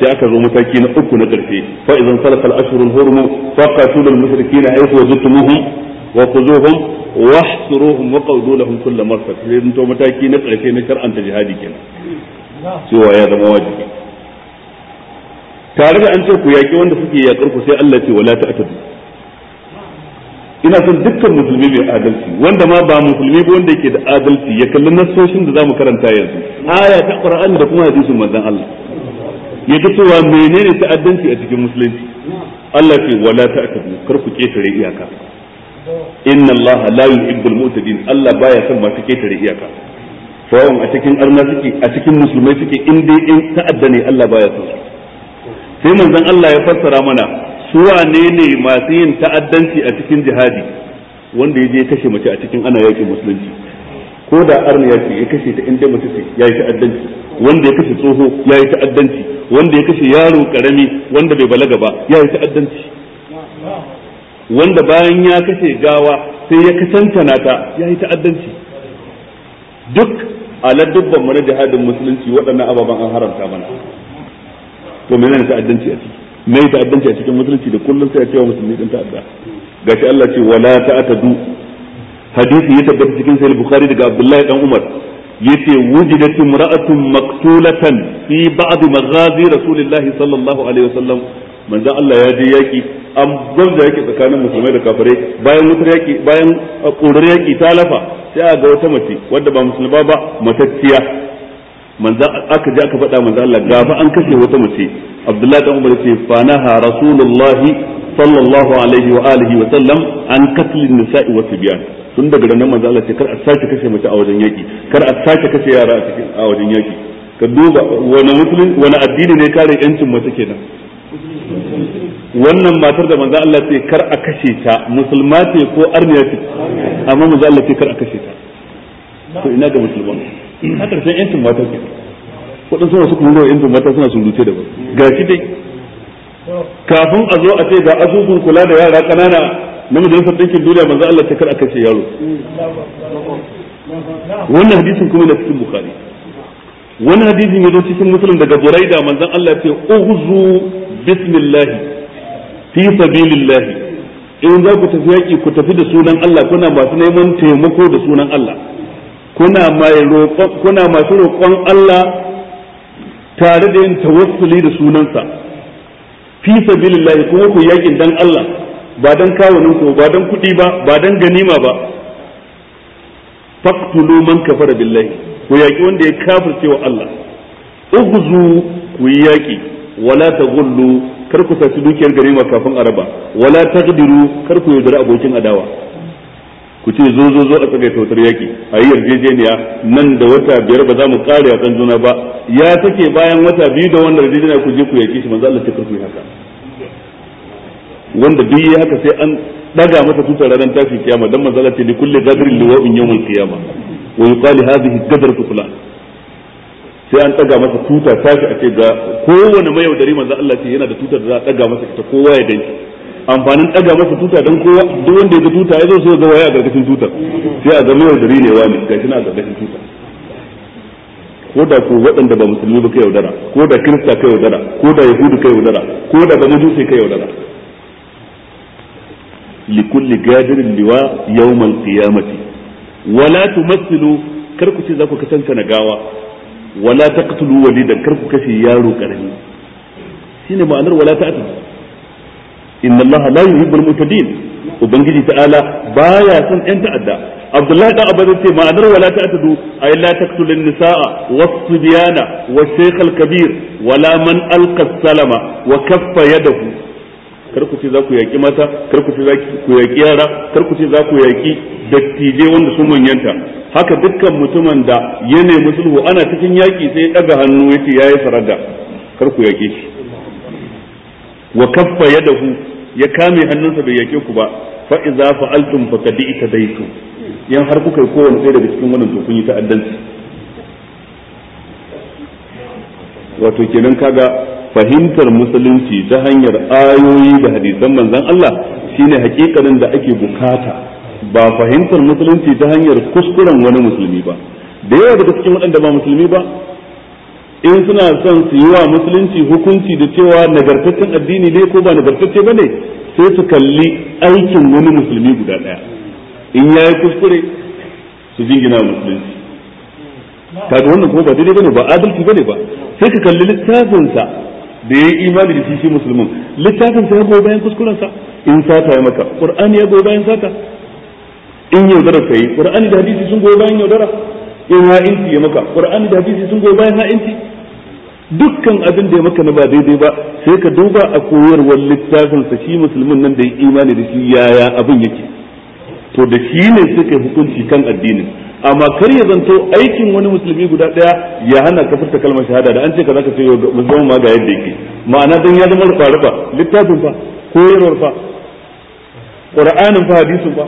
sai aka zo mataki na uku na karfe fa idan salaka al-ashhurul hurum fa qatilul mushrikeena ay wajadtumuhum wa khuzuhum wahsuruhum wa qawdu lahum kull marsad sai mataki na karfe na shar'anta jihadi
kenan cewa ya zama wajibi
tare da an ce ku yaƙi wanda suke yaƙar ku sai Allah ce wala ta'tadu ina son dukkan musulmi mai adalci wanda ma ba musulmi ba wanda yake da adalci ya kalli nassoshin da zamu karanta yanzu aya ta qur'ani da kuma hadisin manzon Allah ya ga cewa menene ta'addanci a cikin musulunci Allah ce wala ta'tadu kar ku ketare iyaka inna Allah la yuhibbul mu'tadin Allah baya son masu ketare iyaka sawan a cikin arna suke a cikin musulmai suke in dai in ta'adda ne Allah baya son su sai manzon Allah ya fassara mana su wane ne masu yin ta'addanci a cikin jihadi wanda ya je kashe mace a cikin ana yakin musulunci ko da arna ya ce ya kashe ta inda mace ce ya yi ta'addanci wanda ya kashe tsoho ya yi ta'addanci wanda ya kashe yaro karami wanda bai balaga ba ya yi ta'addanci wanda bayan ya kashe gawa sai ya kasanta nata ya yi ta'addanci duk a dubban mana jihadin musulunci waɗannan ababen an haramta mana to me ne ta'addanci a ciki me ta'addanci a cikin musulunci da kullum sai ya cewa musulmi din ta'adda gashi Allah ce wala ta'tadu hadisi ya tabbata cikin sahih bukhari daga abdullahi dan umar yace wujidat imra'atun maqtulatan fi ba'd maghazi rasulillahi sallallahu alaihi wasallam manzo Allah ya je yaki an gwamza yaki tsakanin musulmai da kafirai bayan wutar yaki bayan uh, ƙurar yaki ta lafa sai a ga wata mace wadda ba musulma ba matacciya manzan aka je aka faɗa manzan Allah gafa an kashe wata mace Abdullahi dan Umar ce fanaha Rasulullahi sallallahu alaihi wa alihi wa sallam an katlin nisa'i wa tibyan tun daga nan manzan Allah ce kar a sake kashe mace a wajen yaki kar a sake kashe yara a cikin a wajen yaki ka duba wani musulun wani addini ne kare yancin mace kenan wannan matar da manzan Allah ce kar a kashe ta musulma ce ko arniya ce amma manzan Allah ce kar a kashe ta to ina ga musulman ta karshen yancin mata ke waɗansu masu kuma yancin mata suna surute da ga shi dai kafin a zo a ce ga azugun kula da yara kanana na majalisar ɗinkin duniya manzo Allah ta kar a kashe yaro wannan hadisin kuma na cikin bukhari wani hadisin ya zo cikin musulun daga buraida manzon Allah ce uhuzu bismillah fi sabilillah in za ku tafi yaki ku tafi da sunan Allah kuna masu neman taimako da sunan Allah kuna mai roƙon kuna masu roƙon Allah tare da yin tawassuli da sunansa fi sabilillahi kuma ku yakin dan Allah ba dan kawunan ku ba dan kuɗi ba ba dan ganima ba faqtulu man kafara billahi ku yaki wanda ya kafirce wa Allah ughzu ku yaki wala taghullu kar ku saci dukiyar ganima kafin araba wala taqdiru kar ku yaudara abokin adawa ku ce zo zo zo a tsagai tautar yaki a yi yarjejeniya nan da wata biyar ba za mu kare a kan juna ba ya take bayan wata biyu da wanda yarjejeniya ku je ku yaki shi manzo Allah ku yi haka wanda duk yi haka sai an daga masa tutar ranar tashi kiyama dan manzo Allah ce li kulli gadrin mun kiyama. qiyama wa yuqali hadhihi gadratu fulan sai an daga masa tuta tashi a ce ga kowane mayaudari manzo Allah ce yana da tutar da za a daga masa ita kowa ya danki amfanin daga masa tuta don kowa duk wanda ya ga tuta ya zo so ga waya a gargashin tuta sai a zama yaudari ne wani gashi na a gargashin tuta ko da ko waɗanda ba musulmi ba kai yaudara ko da kirista kai yaudara ko da yahudu kai yaudara ko da ba dusai kai yaudara likulli gadirin liwa yawmal qiyamati wala tumassilu kar ku ce za ku kasance na gawa wala taqtulu walidan kar ku kashe yaro karami shine ma'anar wala ta'tulu inna Allah la yuhibbul mutadin ubangiji ta'ala baya son yan ta'adda Abdullahi da Abu ce ma'anar wala ta'tadu ay la taqtulun nisaa was-sibyana wash-shaykh al-kabir wala man alqa salama wa kaffa yadahu kar ku ce za ku yaƙi mata kar ku ce za ku yaƙi yara kar ku ce za ku yaƙi dattije wanda su manyanta haka dukkan mutumin da ya musulhu ana cikin yaƙi sai ya ɗaga hannu ya yayi ya yi kar ku shi wa kaffa yadahu ya kame hannunsa bai yake ku ba fa iza fa'altum faqad itadaytu yan har kuka yi kowanne sai daga cikin wannan to kun yi ta'addanci wato kenan kaga fahimtar musulunci ta hanyar ayoyi da hadisan manzon Allah shine hakikanin da ake bukata ba fahimtar musulunci ta hanyar kuskuren wani musulmi ba da yawa daga cikin waɗanda ba musulmi ba in suna son su yi wa musulunci hukunci da cewa nagartaccen addini ne ko ba nagartacce ba ne sai su kalli aikin wani musulmi guda ɗaya in ya yi kuskure su jingina musulunci kaga wannan kuma ba daidai bane ba adalci bane ba sai ka kalli littafinsa da ya yi imani da shi musulmin littafinsa ya goyi bayan kuskurensa in sata ya maka qur'ani ya goyi bayan sata in yaudara ka yi qur'ani da hadisi sun goyi bayan yaudara in inti ya maka qur'ani da hadisi sun goyi bayan inti dukkan abin da ya maka na ba daidai ba sai ka duba a koyarwar littafin sa shi musulmin nan da ya imani da shi yaya abin yake to da shi ne suka hukunci kan addinin amma kar ya zanto aikin wani musulmi guda daya ya hana ka furta kalmar shahada da an ce ka zaka ce musulman ma ga yadda yake ma'ana dan ya zama rufa rufa littafin fa koyarwar fa qur'anin fa hadisin fa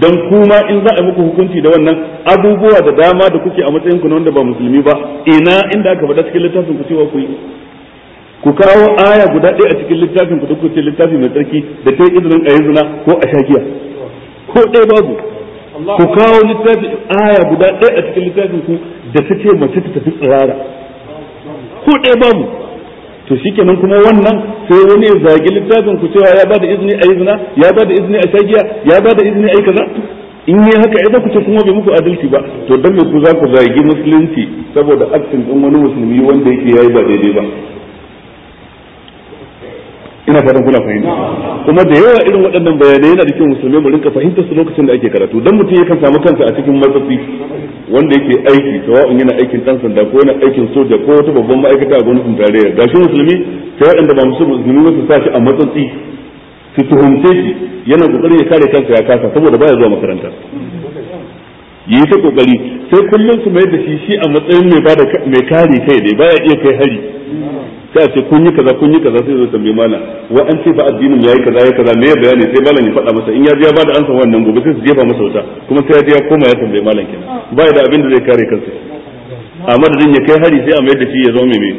dan kuma in za a muku hukunci da wannan abubuwa da dama da kuke a matsayin ku na wanda ba musulmi ba ina inda aka faɗa cikin littafin ku cewa ku yi ku kawo aya guda ɗaya a cikin littafin ku da kuke littafi mai tsarki da ta yi izinin a yanzu na ko a shakiya ko ɗaya babu
ku kawo littafi
aya guda ɗaya a cikin littafin ku da ta ce mace ta tafi tsirara ko ɗaya babu to shikenan kuma wannan sai wani ya zagi littafin ku cewa ya bada izini a izina ya bada izini a shagiya ya bada izini a kaza in yi haka idan ku ce kuma bai muku adalci ba to dan me ku za ku zagi musulunci saboda aksin ɗin wani musulmi wanda yake yi ba daidai ba ina fatan kuna fahimta kuma da yawa irin waɗannan bayanai yana da kyau musulmai mu rinka fahimtar su lokacin da ake karatu dan mutum yakan samu kansa a cikin matsatsi wanda yake aiki sawa'un yana aikin dan sanda ko yana aikin soja ko wata babban ma'aikata a gwamnatin tarayya gashi musulmi sai waɗanda ba musulmi ba su sa shi a matsatsi su tuhumce shi yana kokarin ya kare kansa ya kasa saboda baya zuwa makaranta yi ta kokari sai kullum su mai da shi shi a matsayin mai bada mai kare kai dai baya iya kai hari sai a ce kun yi kaza kun yi kaza sai zo tambayi malam wa an ce ba addinin yayi kaza yayi kaza me bayani sai malam ya faɗa masa in ya ji ya bada ansa wannan gobe sai su jefa masa wuta kuma sai ya ji ya koma ya tambayi malam kenan ba da abin da zai kare kansa a madadin ya kai hari sai a mai da shi ya zama mai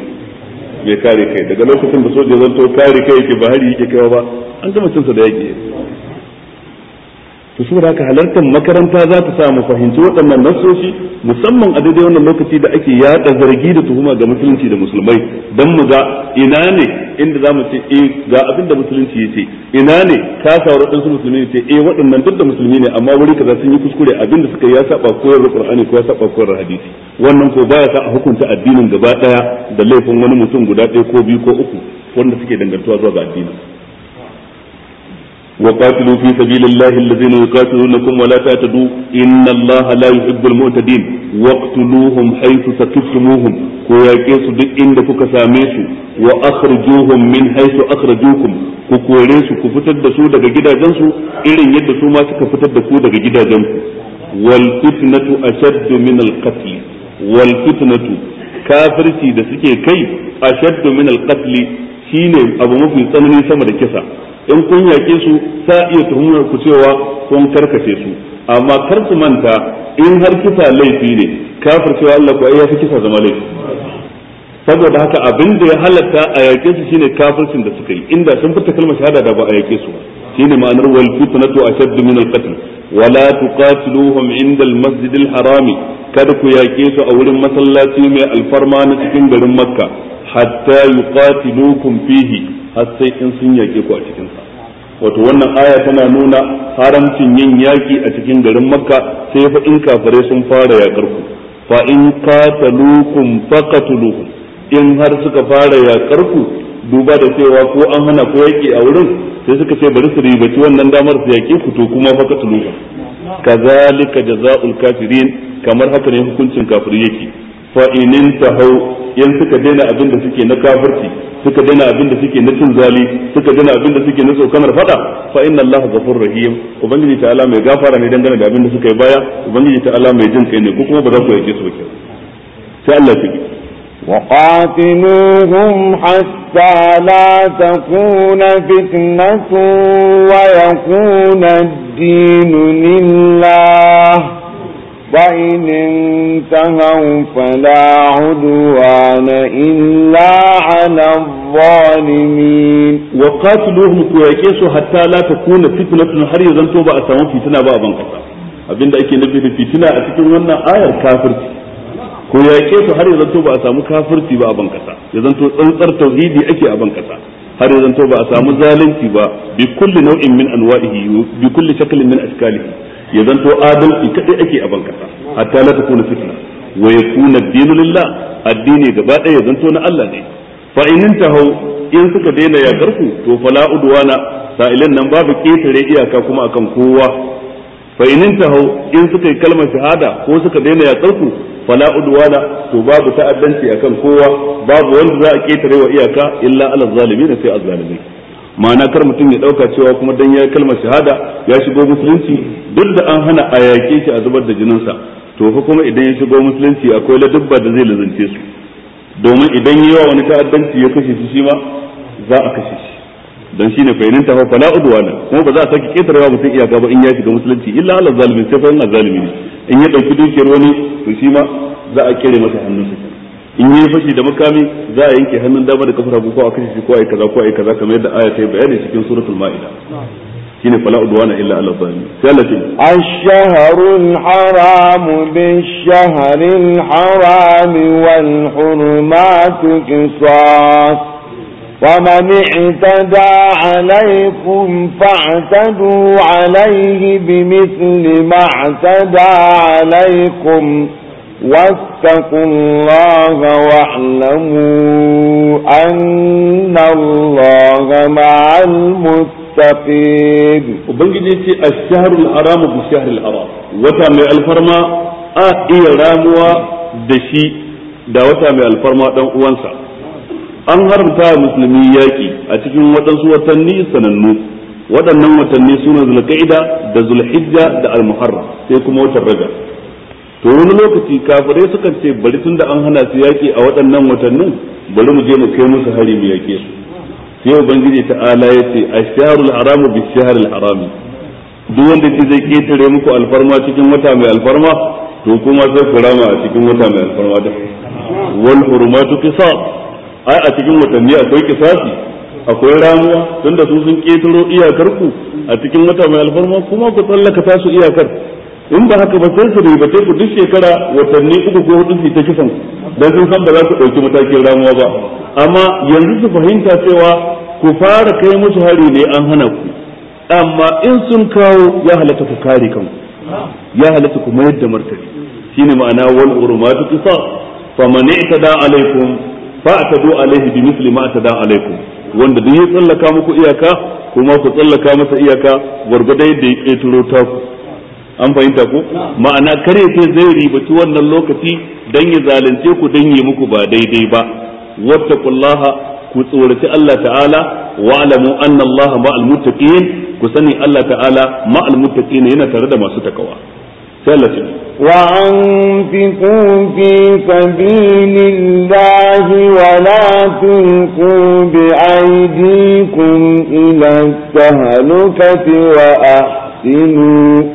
mai kare kai daga lokacin da soja zanto kare kai yake ba hari yake kaiwa ba an gama cinsa da yake to da haka halartar makaranta za ta samu fahimci waɗannan nassoshi musamman a daidai wannan lokaci da ake yaɗa zargi da tuhuma ga musulunci da musulmai don mu ga ina ne inda za mu ce eh ga abin da musulunci ya ce ina ne ka sa waɗansu musulmi ce eh waɗannan duk da musulmi ne amma wuri kaza sun yi kuskure abin da suka ya saba koyarwar ƙur'ani ko ya saba koyarwar hadisi wannan ko baya sa a hukunta addinin gaba ɗaya da laifin wani mutum guda ɗaya ko biyu ko uku wanda suke dangantuwa zuwa ga addinin وقاتلوا في سبيل الله الذين يقاتلونكم ولا تعتدوا إن الله لا يحب المعتدين واقتلوهم حيث سكتموهم كوياكيسو دي إند كوكا ساميسو وأخرجوهم من حيث أخرجوكم كوكوريسو كفتد سودا جدا جنسو إلين يد سوما كفتد سودا جدا جنسو والفتنة أشد من القتل والفتنة كافرتي دسكي suke kai من القتل alqatl shine مفي mafi tsanani sama in kun yake su sa iya tuhumar ku cewa kun karkace su amma kar ku manta in har kisa laifi ne kafir cewa Allah ko ya fi kisa zama laifi saboda haka abin da ya halatta a yake su shine kafircin da suka yi inda sun fita kalmar shahada da ba a yake su shine ma'anar wal fitnatu ashaddu min al qatl wala tuqatiluhum inda al masjid al harami kada ku yake su a wurin masallaci mai alfarma na cikin garin makka hatta yuqatilukum fihi har sai in sun yake ku a cikin wato wannan aya tana nuna haramcin yin yaƙi a cikin garin makka sai fa in kafare sun fara yaƙar ku fa in qataluukum faqatuluhum in har suka fara yaƙar ku duba da cewa ko an hana ku yaƙi a wurin sai suka ce bari su ribaci wannan damar su yaƙe ku to kuma faqatuluhum kazalika jazaa'ul kafirin kamar haka ne hukuncin kafiri yake fa tahau yan suka daina abin da suke na kafirci suka daina abin da suke na cin zali suka daina abin da suke na tsokanar fada fa inna allaha ghafurur rahim ubangiji alama mai gafara ne dangane da abin da suka yi baya ubangiji ta'ala mai jin kai ne ko kuma ba za ku yake su ba
sai Allah ya وقاتلوهم حتى لا تكون فتنة ويكون الدين لله فإن انتهوا فلا عدوان إلا على الظالمين وقاتلوهم كويكيسو حتى لا تكون فتنة har ya zanto ba a samu fitina
a ban kasa abinda ake nufi da a cikin wannan ayar kafirci ko har ya zanto ba a samu kafirci a ban kasa ya zanto tsantsar tauhidi ake a ban kasa har a samu zalunci ba bi kulli nau'in min bi min ya zanto adalci kadai ake a bankasa hatta la takuna fitna wa yakuna dinu lillah addini gaba daya ya zanto na Allah ne fa in intahu in suka daina ya garku to fala udwana sa'ilan nan babu ketare iyaka kuma akan kowa fa in intahu in suka yi kalmar shahada ko suka daina ya garku fala udwana to babu ta'addanci akan kowa babu wanda za a ketare wa iyaka illa ala zalimin sai azzalimin ma'ana kar mutum ya dauka cewa kuma dan ya kalmar shahada ya shigo musulunci duk da an hana a shi a zubar da jininsa to fa kuma idan ya shigo musulunci akwai ladubba da zai lazance su domin idan yi wa wani ta'addanci ya kashe shi shi ma za a kashe shi dan shine fa'inin fa fala udwana kuma ba za a saki ketarwa mutum iyaka ba in ya shiga musulunci illa ala zalimin sai fa yana zalimi in ya dauki dukiyar wani to shi ma za a kire masa hannun hannunsa in yi fashi da makami za a yanke hannun dama da kafar hagu ko a kashe shi ko a yi kaza ko a yi kaza kamar yadda aya ta yi bayani cikin suratul ma'ida shine fala udwana illa Allah zalimin sai Allah ce
ash-shahrul haram bin shahril haram wal hurmatu qisas ومن اعتدى عليكم فاعتدوا عليه بمثل ما اعتدى عليكم واتقوا الله واعلموا أن الله مع المتقين وبنجي الشهر الحرام
بالشهر الحرام وتم الفرما إيراموا دشي da wata mai alfarma dan uwansa an haramta musulmi yaƙi a cikin waɗansu watanni sanannu waɗannan watanni suna zulqa'ida da zulhijja da almuharram sai kuma watan rajab to wani lokaci kafirai suka ce bari tun da an hana su yaƙi a waɗannan watannin bari mu je mu kai musu hari mu yaƙe su sai ubangiji ta'ala ya ce shaharul haramu bi shaharul harami duk wanda ke zai ketare muku alfarma cikin wata mai alfarma to kuma sai ku rama a cikin wata mai alfarma da wal hurmatu qisas ai a cikin watanni akwai kisasi akwai ramuwa tunda su sun ketaro iyakar ku a cikin wata mai alfarma kuma ku tsallaka tasu iyakar in ba haka ba sai su ribace ku duk shekara watanni uku ko hudu su ta kisan dan sun san ba za su dauki matakin ramuwa ba amma yanzu su fahimta cewa ku fara kai musu hari ne an hana ku amma in sun kawo ya halatta ku kare kanku ya halatta ku mayar da martani shine ma'ana wal urumatu qisas faman i'tada alaikum fa'tadu alaihi bimithli ma atada alaikum wanda duk ya tsallaka muku iyaka kuma ku tsallaka masa iyaka gurgurda yadda ya keturo ta ku an fahimta ko ma'ana ya sai zai ribaci wannan lokaci dan ya zalunce ku dan yi muku ba daidai ba wattaqullaha ku tsoraci Allah ta'ala wa alamu anna Allah ma'al muttaqin ku sani Allah ta'ala ma'al muttaqin yana tare da masu takawa sai Allah ta'ala
وأنفقوا في سبيل الله ولا تلقوا بأيديكم إلى التهلكة وأحسنوا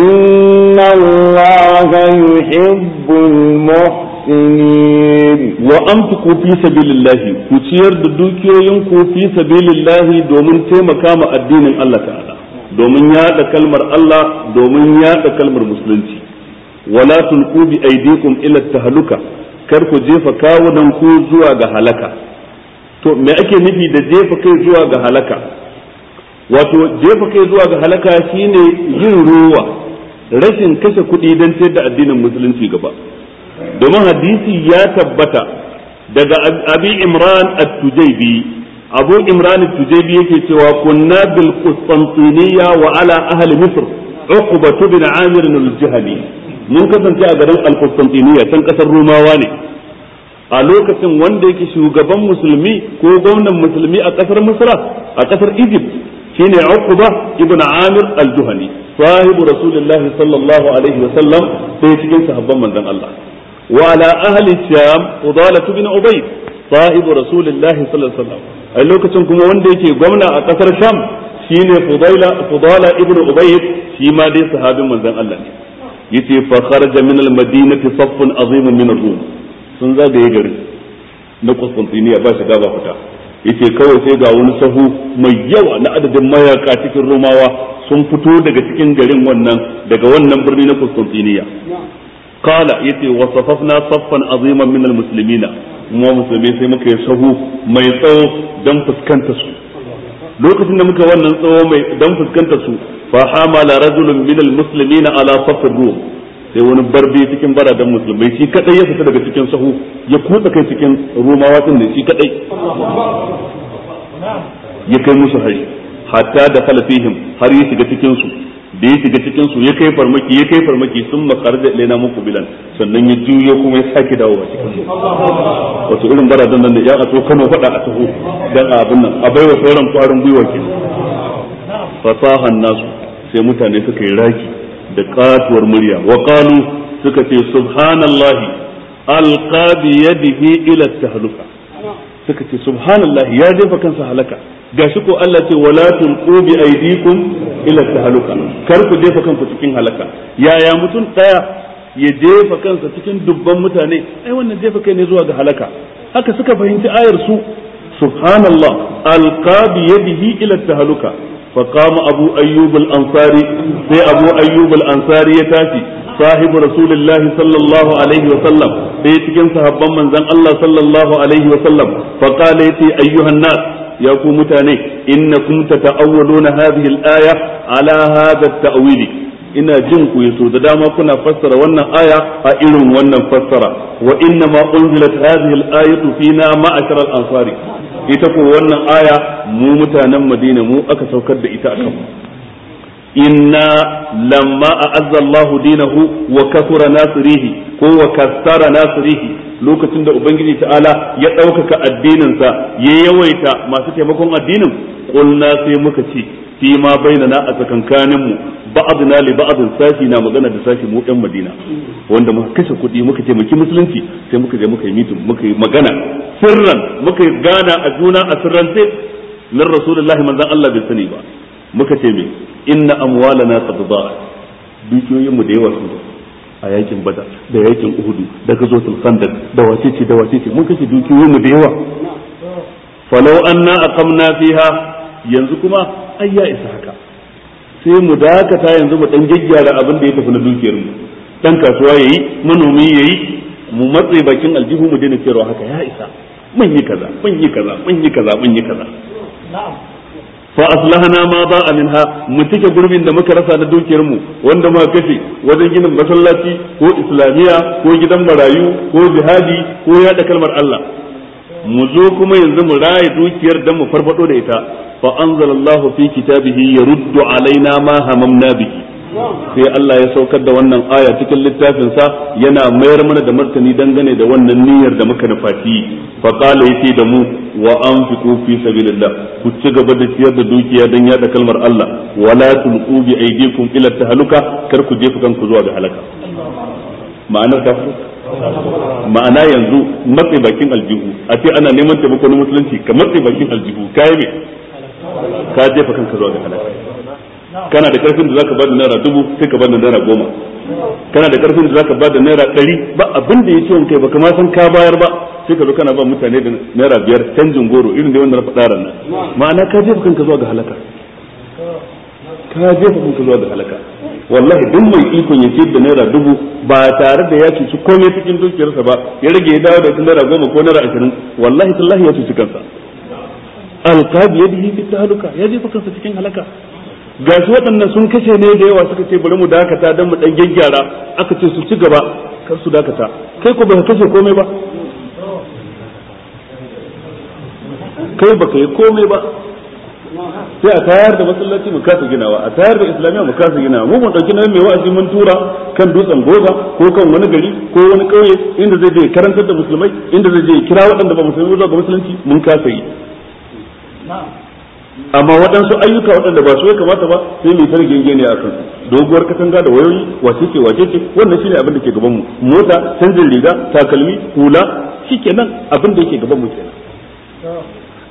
إن الله يحب المحسنين وأنفقوا في سبيل الله كتير دوكيو ينكو في
سبيل الله دومن تيما كاما الدين الله تعالى domin yaɗa kalmar Allah domin yaɗa kalmar musulunci wala tulqu bi aydikum ila tahluka kar ku jefa kawunan ko zuwa ga halaka to me ake nufi da jefa kai zuwa ga halaka wato jefa kai zuwa ga halaka shine yin ruwa rashin kashe kuɗi don ciyar da addinin musulunci gaba domin hadisi ya tabbata daga abi imran at-tujaybi abu imran at-tujaybi yake cewa kunna bil qustantiniya wa ala ahli misr uqba ibn amir al-jahli mun kasance a garin al-qustantiniya san kasar rumawa ne a lokacin wanda yake shugaban musulmi ko gwamnan musulmi a kasar misra a kasar egypt shine Uqba ibn Amir al-Juhani sahibu Rasulullahi sallallahu alaihi wa sallam sai cikin sahabban manzon Allah wa ala ahli Sham Udalah ibn Ubayd sahibu Rasulullahi sallallahu alaihi wa sallam a lokacin kuma wanda yake gwamna a ƙasar Sham shine Fudaila Fudala ibn Ubayd shi ma dai sahabin manzon Allah ne yace fa kharaja min al-madinati saffun azimun min ar-rum sun zagaye gari na Constantinople ba shiga yace kawai sai ga wani sahu mai yawa na adadin mayaka cikin romawa sun fito daga cikin garin wannan daga wannan birni na Constantinople kala yace wa safafna saffan aziman min almuslimina mu musulmi sai muka yi sahu mai tsawo dan fuskanta su lokacin da muka wannan tsawo mai dan fuskanta su fa hamala rajulun min almuslimina ala safar sai wani barbe cikin baradan musulmai shi kadai ya fita daga cikin sahu ya kutsa kai cikin romawa din ne shi kadai ya kai musu hari hatta da falafihim har ya shiga cikin su da ya shiga cikin su ya kai farmaki ya kai farmaki sun makar da ilaina muku bilan sannan ya juyo kuma ya sake dawo a cikin wato irin baradan nan da ya a Kano fada a taho dan abin nan a baiwa sauran kwarin gwiwa ke fasahan nasu sai mutane suka yi raki da katuwar murya wa qalu suka ce subhanallahi alqa yadihi ila tahluka suka ce subhanallahi ya jefa kansa halaka gashi ko Allah ce wala tulqu bi aydikum ila tahluka kar ku jefa kanku cikin halaka yaya mutum daya ya jefa kansa cikin dubban mutane ai wannan jefa kai ne zuwa ga halaka haka suka fahimci ayar su subhanallah alqa yadihi ila tahluka فقام أبو أيوب الأنصاري سي أبو أيوب الأنصاري يتاتي صاحب رسول الله صلى الله عليه وسلم سي تكن صحبا من زن الله صلى الله عليه وسلم فقال يتي أيها الناس يا متاني إنكم تتأولون هذه الآية على هذا التأويل ina jin ku yaso da dama kuna fassara wannan aya a irin wannan fassara wa inna ma unzilat hadhihi al-ayatu fina ma'ashara al-ansari ita ko wannan aya mu mutanen madina mu aka saukar da ita akan inna lamma a'azza Allahu dinahu wa kathara nasrihi ko wa kastara nasrihi lokacin da ubangiji ta'ala ya addinin sa ya yawaita masu taimakon addinin ƙulna sai muka ce fi ma bainana a tsakankanin mu ba'dna li ba'din sashi na magana da sashi mu ɗan Madina wanda muka kashe kuɗi muka ce muke musulunci sai muka je muka yi mitin muka yi magana sirran muka gana a juna a sirran sai lar rasulullahi manzon Allah bai sani ba muka ce me inna amwalana qad ba'at dukiyoyin mu da yawa sun a yakin bada da yakin uhudu da gazo sulkandar da wace ce da wace ce mun kashe dukiyoyin mu da yawa falau anna aqamna fiha yanzu kuma ai ya isa haka sai mu dakata yanzu mu dan gyaggyara abin da ya tafi na dukiyar mu dan kasuwa yayi manomi yayi mu matse bakin aljihu mu daina cewa haka ya isa mun yi kaza mun yi kaza mun yi kaza mun yi kaza fa aslahana ma ba'a minha mu tike gurbin da muka rasa na dukiyar mu wanda muka kashe wajen ginin masallaci ko islamiya ko gidan marayu ko jihadi ko yada kalmar Allah mu zo kuma yanzu mu raye dukiyar dan mu farfado da ita fa anzalallahu fi kitabihi yaruddu alaina ma hamamna bihi sai Allah ya saukar da wannan aya cikin littafin sa yana mayar mana da martani dangane da wannan niyyar da muka nufati fa qala yace da mu wa anfiqu fi sabilillah ku ci gaba da ciyar da dukiya dan yada kalmar Allah wala tulqu bi aydikum ila tahluka kar ku jefa kanku zuwa ga halaka ma'anar ta ma'ana yanzu matsi bakin aljihu a ce ana neman taimako na musulunci ka matsi bakin aljihu ka yi me ka jefa kanka zuwa ga halaka kana da karfin da zaka bada naira dubu sai ka bada naira goma kana da karfin da zaka bada naira ɗari ba abin da ya ce kai ba kama san ka bayar ba sai ka zo kana ba mutane da naira biyar canjin goro irin da wanda na faɗa ranar ma'ana ka jefa kanka zuwa ga halaka ka jefa kanka zuwa ga halaka wallahi duk mai ikon ya ce da naira dubu ba tare da ya cuci komai cikin dukiyarsa ba ya rage ya dawo da ita naira goma ko naira ashirin wallahi tallahi ya cuci kansa ya yadihi fi tahluka ya jefa kansa cikin halaka su waɗannan sun kashe ne da yawa suka ce bari mu dakata don mu ɗan gyaggyara aka ce su ci gaba kar su dakata kai ko baka kashe komai
ba kai
baka yi komai ba sai a tayar da masallaci mu kasa ginawa a tayar da islamiyya mu kasa ginawa mu mun dauki nan mai wa'azi mun tura kan dutsen goza ko kan wani gari ko wani kauye inda zai je karantar da musulmai inda zai je kira waɗanda ba musulmai zuwa ga musulunci mun kasa yi amma waɗansu ayyuka waɗanda ba su ya kamata ba sai mai tare gengene a kan doguwar katanga da wayoyi wace ce wace ce wannan shine abin da ke gaban mu mota canjin riga takalmi hula shikenan abin da yake gaban mu kenan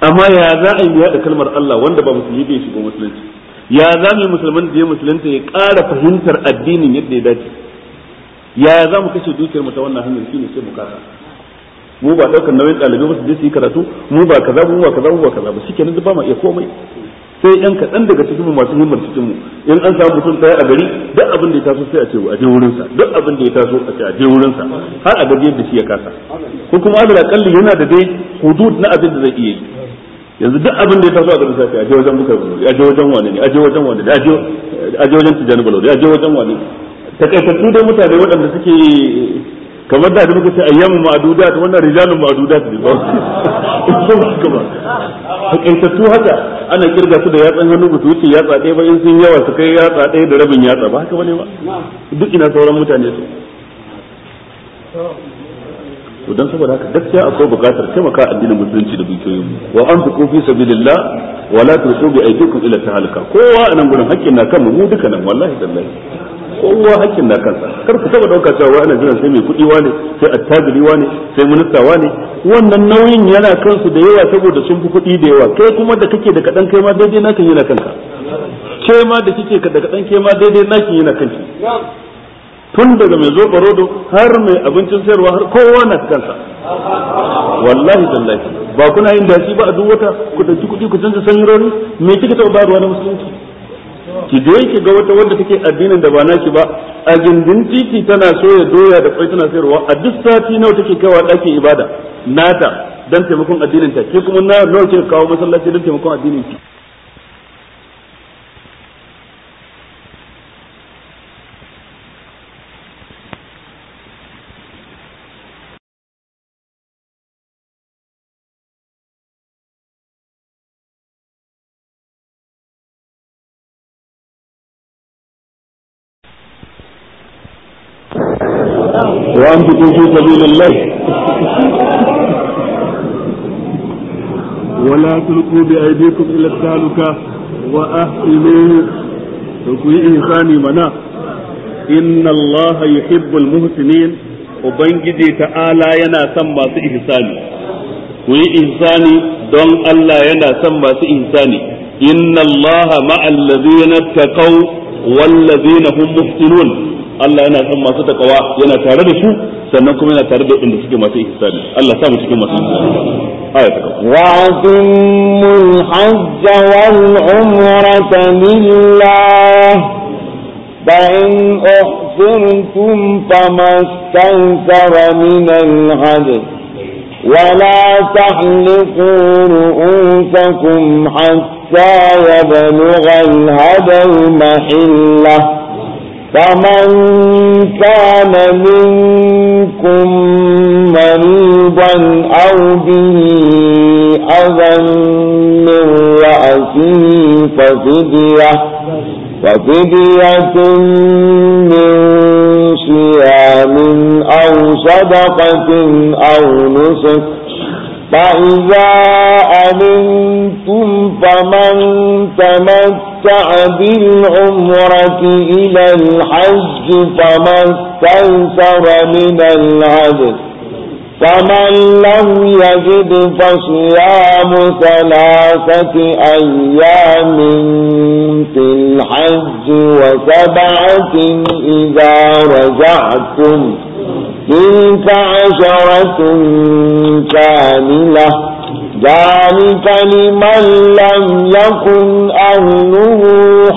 amma ya za a yi da kalmar Allah wanda ba musulmi bai shiga musulunci ya za mu musulman da ya musulunta ya ƙara fahimtar addinin yadda ya dace ya za mu kashe dukiyar mu ta wannan hanyar shine sai mu kasa mu ba daukar nauyin ɗalibai ba su je su yi karatu mu ba kaza mu ba kaza mu ba kaza ba shi kenan ba ma iya komai sai yan kaɗan daga cikin mu masu himmar cikin mu in an samu mutum ɗaya a gari duk abin da ya taso sai a ce a je wurin sa duk abin da ya taso a ce a je wurin sa har a gaji yadda shi ya kasa ko kuma alal kalli yana da dai hudud na abin da zai iya yi yanzu duk abin da ya taso a garin safiya aje wajen buka ya aje wajen wani ne aje wajen wani ne aje wajen tijjani bulu aje wajen wani takaitattu dai mutane waɗanda suke kamar da muka ce ayyamu ma'dudat wannan rijalun ma'dudat ne ba
su kuma takaitattu
haka ana kirga su da yatsan hannu ba su wuce yatsa ɗaya ba in sun yawa su kai yatsa ɗaya da rabin yatsa ba haka bane ba duk ina sauran mutane su to dan saboda haka gaskiya akwai bukatar taimaka addinin musulunci da dukiyoyin mu wa anfiqu fi sabilillah wa la tulqu bi aydikum ila tahalaka kowa anan gurin hakkin na kan mu duka nan wallahi tallahi kowa hakkin na kansa kar ku taba dauka cewa ana jiran sai mai kudi wane sai attajiri wane sai minista wane wannan nauyin yana kansu da yawa saboda sun fi kudi da yawa kai kuma da kake da kadan kai ma daidai nakan yana kanka ke ma da kike da kadan kai ma daidai nakin yana kanki tun daga mai zo barodo har mai abincin sayarwa har kowa na kansa wallahi tallahi ba kuna yin dashi ba a duk wata ku dauki kuɗi ku canza sanarori me kika taɓa bayarwa na musulunci ki je ki ga wata wanda take addinin da ba naki ba a gindin titi tana soya doya da kwai tana sayarwa a duk sati nawa take kaiwa ɗakin ibada nata dan taimakon addinin ta ke kuma nawa kika kawo masallaci dan taimakon
addinin ki الحمد في سبيل الله
ولا تلقوا بأيديكم إلى التهلكة وأهلوا تقوي إنساني منا إن الله يحب المحسنين وبنجدي تعالى ينا سمى إحساني وي إنساني دون الله ينا سمى في إنساني إن الله مع الذين اتقوا والذين هم محسنون Allah yana son masu takawa yana tare da su sannan kuma yana tare da inda suke masu
ihsani Allah sa mu cikin masu ihsani ayat wa وأتموا الحج والعمرة لله فإن أحصرتم فما استيسر من hajj ولا تحلقوا رؤوسكم حتى يبلغ الهدي محله فمن كان منكم مريضا أو به أذى من رأسه ففدية ففدية من صيام أو صدقة أو نسك فإذا أمنتم فمن تمتع بالعمرة إلى الحج فما استيسر من العدل فمن لم يجد فصيام ثلاثة أيام في الحج وسبعة إذا رجعتم تلك عشرة كاملة ذلك لمن لم يكن أهله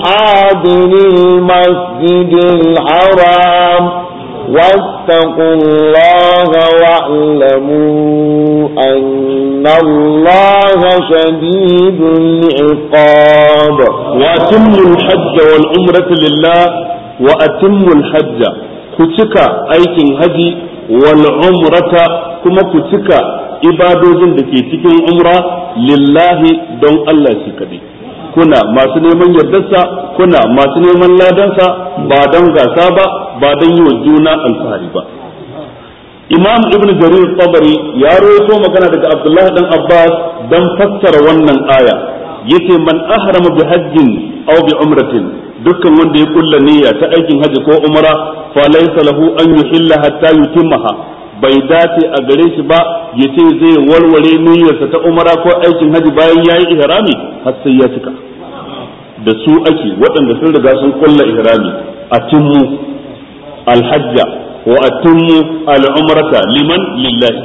حاضر المسجد الحرام واتقوا الله واعلموا أن الله شديد العقاب وأتموا الحج والعمرة لله
وأتموا الحج ku cika aikin haji wal umrata kuma ku cika ibadojin da ke cikin umra lillahi don Allah shi kadai kuna masu neman yardarsa kuna masu neman ladansa ba don gasa ba ba don yi wa juna alfahari ba imam ibn jarir tabari ya roso magana daga abdullahi dan abbas dan fassara wannan aya yace man ahrama bi hajjin aw bi umratin dukkan wanda ya kulla niyya ta aikin haji ko umara, fa laysa lahu an yuhilla hatta yutimmaha bai dace a gare shi ba ya ce zai warware niyyarsa ta umara ko aikin haji bayan yayi ihrami har sai ya cika da su ake waɗanda sun riga sun kulla ihrami a timmu alhajja wa atimmu al'umrata liman lillahi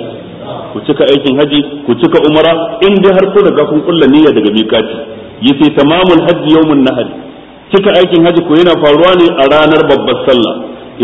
ku cika aikin haji ku cika umara in dai har kun riga kun kulla niyya daga mikati yace tamamul hajji yawmun nahari cika aikin haji ko yana faruwa ne a ranar babbar sallah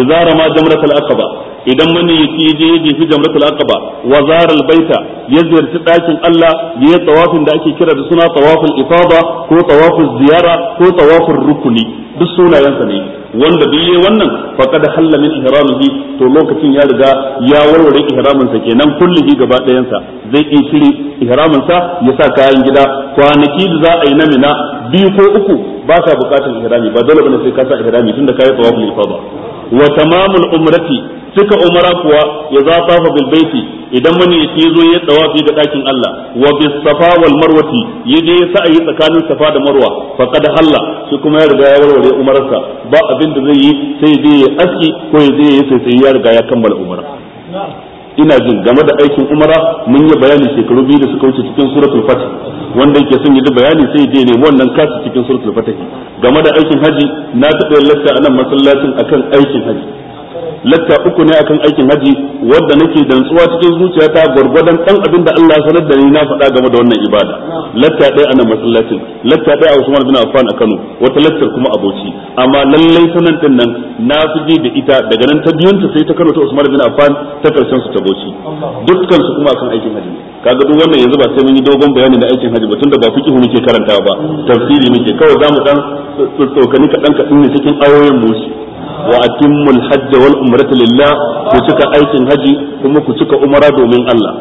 idza rama jamratul aqaba idan mani ya je ya jefi jamratul aqaba wa al baita ya ziyarci dakin Allah ya yi tawafin da ake kira da suna tsawafin ifada ko tawafin ziyara ko tsawafin rukuni duk sunayensa ne wanda duk yayi wannan faqad halla min ihramihi to lokacin ya riga ya warware ihramin sa kenan kullihi gaba ɗayan sa zai yi shiri ihramin sa ya sa kayan gida kwanaki da za a yi na namina biyu ko uku ba sa bukatar ihrami ba dole bane sai ka sa ihrami tunda kai tawafin ifada wa tamamul umrati duka umara kuwa ya za tafa bil idan mani ya zo ya dawafi da dakin Allah wa bis safa wal marwati yaje ya sa'ayi tsakanin safa da marwa kad halla shi kuma ya riga ya warware umararsa ba abin da zai yi sai je ya aski ko ya je ya sai ya riga ya kammala umara ina jin game da aikin umara mun yi bayani shekaru biyu da suka wuce cikin suratul fatih wanda yake son yi bayani sai je ne wannan kasu cikin suratul fatih game da aikin haji na taɓa lissa a nan masallacin akan aikin haji latta uku ne akan aikin haji wanda nake dantsuwa cikin zuciyata gwargwadon dan abin da Allah ya sanar da ni na faɗa game da wannan ibada latta ɗaya ana masallacin latta ɗaya a Usman bin Affan a Kano wata lattar kuma a Bauchi amma lallai sanan din nan na fi ji da ita daga nan ta biyun ta sai ta Kano ta Usman bin Affan ta karshen su ta Bauchi dukkan su kuma akan aikin haji kaga duk wannan yanzu ba sai mun yi dogon bayani da aikin haji ba tunda ba fiqh muke karanta ba tafsiri muke kawai zamu dan tsokani kadan kadan ne cikin ayoyin musu wa atimmul hajj wal umrata lillah ku cika aikin haji kuma ku cika umara domin Allah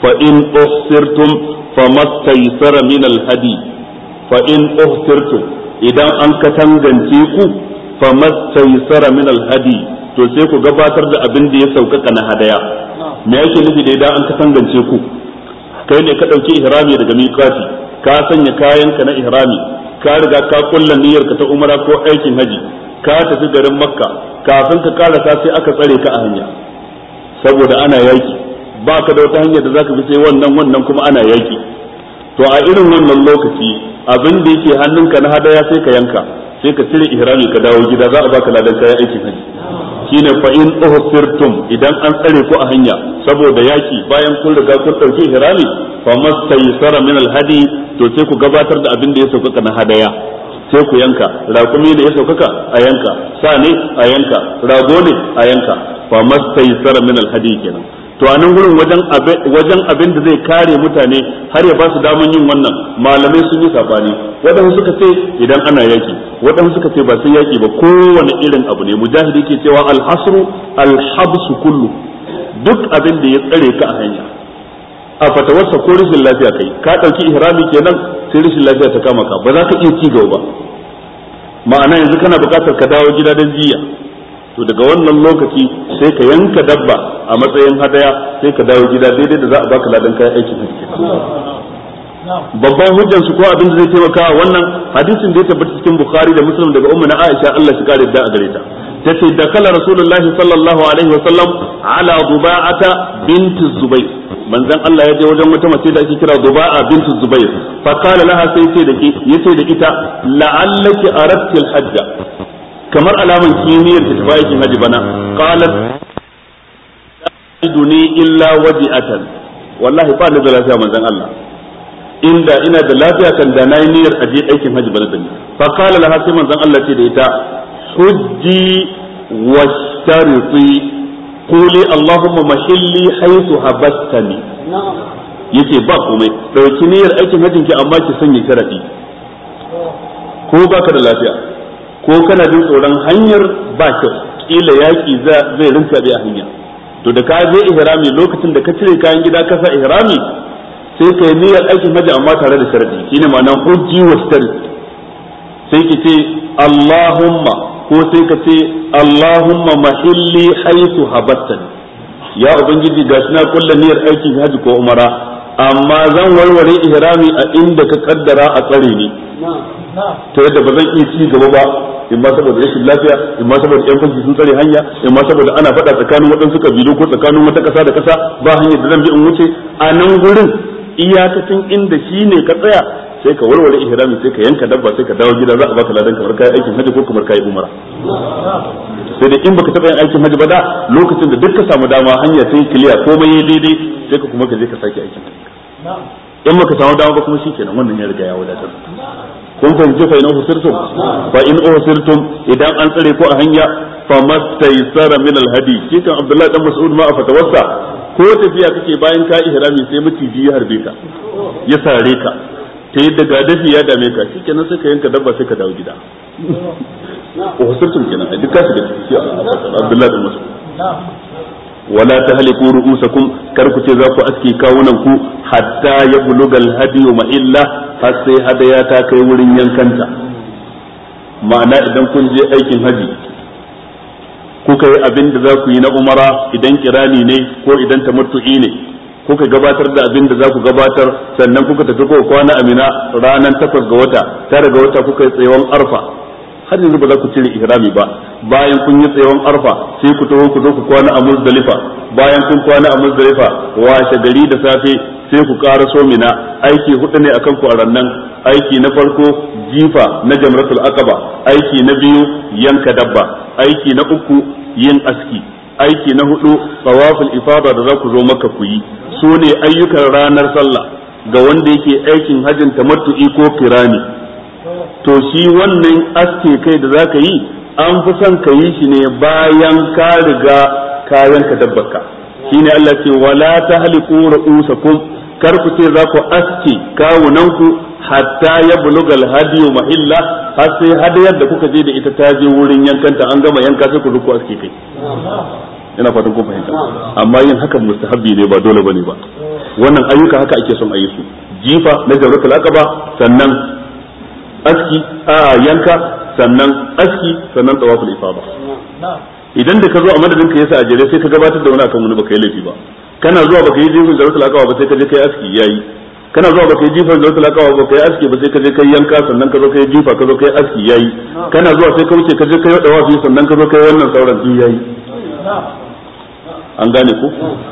fa in uhsirtum famastaysara min al hadi fa in uhsirtum idan an katangance ku famastaysara min al hadi to sai ku gabatar da abin da ya sauƙaƙa na hadaya me yake nufi da idan an katangance ku kai ne ka ɗauki ihrami daga miƙati ka sanya kayanka na ihrami ka riga ka kulla niyyarka ta umara ko aikin haji ka tafi garin makka kafin ka karasa sai aka tsare ka a hanya saboda ana yaki ba ka da wata hanyar da zaka bi sai wannan wannan kuma ana yaki to a irin wannan lokaci abin da yake hannunka na hadaya sai ka yanka sai ka cire ihrami ka dawo gida za a baka ladan kayan aikin hajji shine fa in uhsirtum idan an tsare ku a hanya saboda yaki bayan kun riga kun dauki ihrami fa mastaysara min alhadi to sai ku gabatar da abin da ya sauka na hadaya sai ku yanka raƙumi da ya saukaka a yanka sa ne a yanka rago ne a yanka fa mastaysar min alhadi kenan to a nan gurin wajen abin da zai kare mutane har ya ba su daman yin wannan malamai sun yi sabani waɗanda suka ce idan ana yaki waɗanda suka ce ba sun yaki ba kowane irin abu ne mujahidi ke cewa alhasru alhabsu kullu duk abin da ya tsare ka a hanya a fatawarsa ko rashin lafiya kai ka ɗauki ihrami kenan sai rashin lafiya ta kama ka ba za ka iya ci gaba ba ma'ana yanzu kana buƙatar ka dawo gida don jiya to daga wannan lokaci sai ka yanka dabba a matsayin hadaya sai ka dawo gida daidai da za a baka ladan kayan ka cikin babban hujjan su ko abin da zai taimaka wannan hadisin da ya tabbata cikin bukhari da muslim daga ummu na aisha Allah shi kare da a gare ta tace da kala rasulullahi sallallahu alaihi wasallam ala duba'ata bint zubayr manzon Allah ya je wajen wata mace da ake kira Duba'a bintu Zubair fa qala laha sai ce da ki yace da ita la'allaki aratti al-hajj kamar alaman kimiyyar ta tafi aikin haji bana qalat duni illa wadi'atan wallahi ba ni da lafiya manzon Allah inda ina da lafiya kan da nayi niyyar aje aikin haji bana da ni fa qala laha sai manzon Allah ce da ita hujji washtarifi kuli allahumma mahilli haythu habastani yace ba komai dauki niyyar aikin hajjin ki amma ki sanya sharadi ko baka da lafiya ko kana jin tsoron hanyar ba kyau kila yaki zai rinka bi a hanya to da ka je ihrami lokacin da ka cire kayan gida ka sa ihrami sai ka niyyar aikin hajji amma tare da sharadi shine ma'anar hujji wa sai ki ce allahumma ko sai ka ce Allahumma mahilli haitu habattani ya ubangiji ga suna kullu niyyar aikin haji ko umara amma zan warware ihrami a inda ka kaddara a tsare ni
ta
yadda ba zan iya ci gaba ba in ma saboda rashin lafiya in ma saboda yan fanki sun tsare hanya in ma saboda ana faɗa tsakanin waɗansu kabilu ko tsakanin wata ƙasa da ƙasa ba hanyar da zan bi in wuce a nan gurin iyakacin inda shi ne ka tsaya sai ka warware ihrami sai ka yanka dabba sai ka dawo gida za a baka ladan kamar kai aikin haji ko kamar kai umara sai da in baka taba yin aikin haji ba da lokacin da duk ka samu dama hanya sai kiliya komai daidai sai ka kuma ka je ka sake aikin in baka samu dama ba kuma shikenan wannan ya riga ya wadatar kun fahimci fa in usirtum fa in usirtum idan an tsare ko a hanya fa mastaysara min alhadi kikan abdullahi dan mas'ud ma a fatawassa ko tafiya kake bayan ka ihrami sai maciji ya harbe ka ya sare ka ta yadda ga dafi ya dame ka shikenan sai ka yanka dabba sai ka dawo gida kenan a duk kasu da ciki Abdullahi da masu wala tahliqu kar ku ce za ku aske kawunan ku hatta ya al-hadi wa illa har sai hadaya ta kai wurin yankanta ma'ana idan kun je aikin haji kuka yi abin da za ku yi na umara idan kirani ne ko idan tamattu'i ne kuka gabatar da abin da za ku gabatar sannan kuka tafi ko kwana amina ranar takwas ga wata tare ga wata kuka yi tsayawan arfa har yanzu ba za ku cire ihrami ba bayan kun yi tsayawan arfa sai ku taho ku zo ku kwana a muzdalifa bayan kun kwana a muzdalifa washe gari da safe sai ku ƙara so mina aiki hudu ne akan ku a rannan aiki na farko jifa na jamratul aqaba aiki na biyu yanka dabba aiki na uku yin aski aiki na hudu tawaful ifada da za ku zo maka ku yi su ne ayyukan ranar sallah ga wanda yake aikin hajjin tamattu'i ko kirani to shi wannan aske kai da za ka yi an fi son ka yi shi ne bayan ka riga kayan ka dabbaka shine Allah ce wala ta tahliqu ru'usakum kar ku ce za ku aske kawunanku hatta ya buluga alhadiyu mahilla har sai hadayar da kuka je da ita ta je wurin yankanta an gama yanka sai ku ruku aski kai ina fatan kun fahimta amma yin hakan mustahabbi ne ba dole bane ba wannan ayyuka haka ake son ayi su jifa na jawratul aqaba sannan aski a yanka sannan aski sannan tawaful ifada idan da ka zo a madadin ka yasa ajere sai ka gabatar da wani akan wani baka yi laifi ba kana zuwa baka yi jifin jawratul aqaba ba sai ka je kai aski yayi kana zuwa ba kai jifa zai talaka lakawa ba kai aski ba sai ka je kai yanka sannan ka zo kai jifa ka zo kai aski yayi kana zuwa sai ka wuce ka je kai wada wafi sannan ka zo kai wannan sauran din yayi an gane ku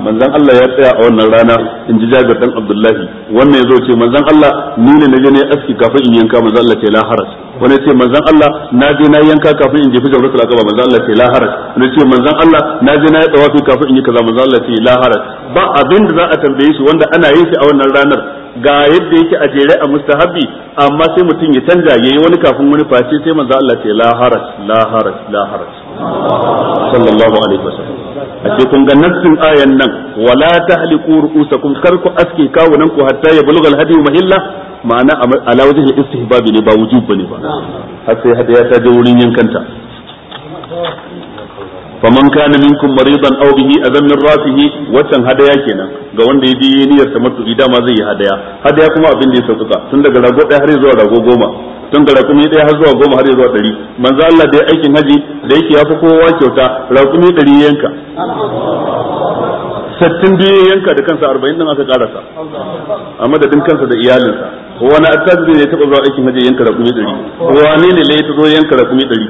manzon Allah ya tsaya a wannan rana in ji Jabir dan Abdullahi wannan yazo ce manzon Allah ni ne naje ne aski kafin in yanka manzon Allah ce la haraj wani ce manzon Allah na je na yanka kafin in jefi jawratul ba manzon Allah ce la haraj wani ce manzon Allah na je na yi kafin in yi kaza manzon Allah ce la haraj ba abin da za a tambaye shi wanda ana yin shi a wannan ranar ga yadda yake a jere a mustahabi amma sai mutum ya canza ya yi wani kafin wani face sai manzo Allah ce la haraj la haraj la haraj sallallahu alaihi wasallam a ce kun ga ayan nan wala tahliqu ru'usakum kar ku aske kawunan ku hatta ya bulugal hadi mahilla ma'ana ala wajhi istihbab ne ba wujub ne ba har sai hadiya ta je wurin yankanta faman kana minkum maridan aw bihi adan min rasihi watan hadaya kenan ga wanda ya je niyyar ta mutu dama zai yi hadaya hadaya kuma abin da ya sauka tun daga rago ɗaya har zuwa rago goma tun daga rakumi ɗaya har zuwa goma har zuwa ɗari manzo Allah da ya aikin haji da yake ya fi kowa kyauta ne ɗari yanka sattin biyu yanka da kansa arba'in nan aka karasa
a madadin kansa
da iyalinsa wani attajiri ne ya taɓa zuwa aikin haji yanka ne ɗari wani ne ne ya taɓa yanka ne dari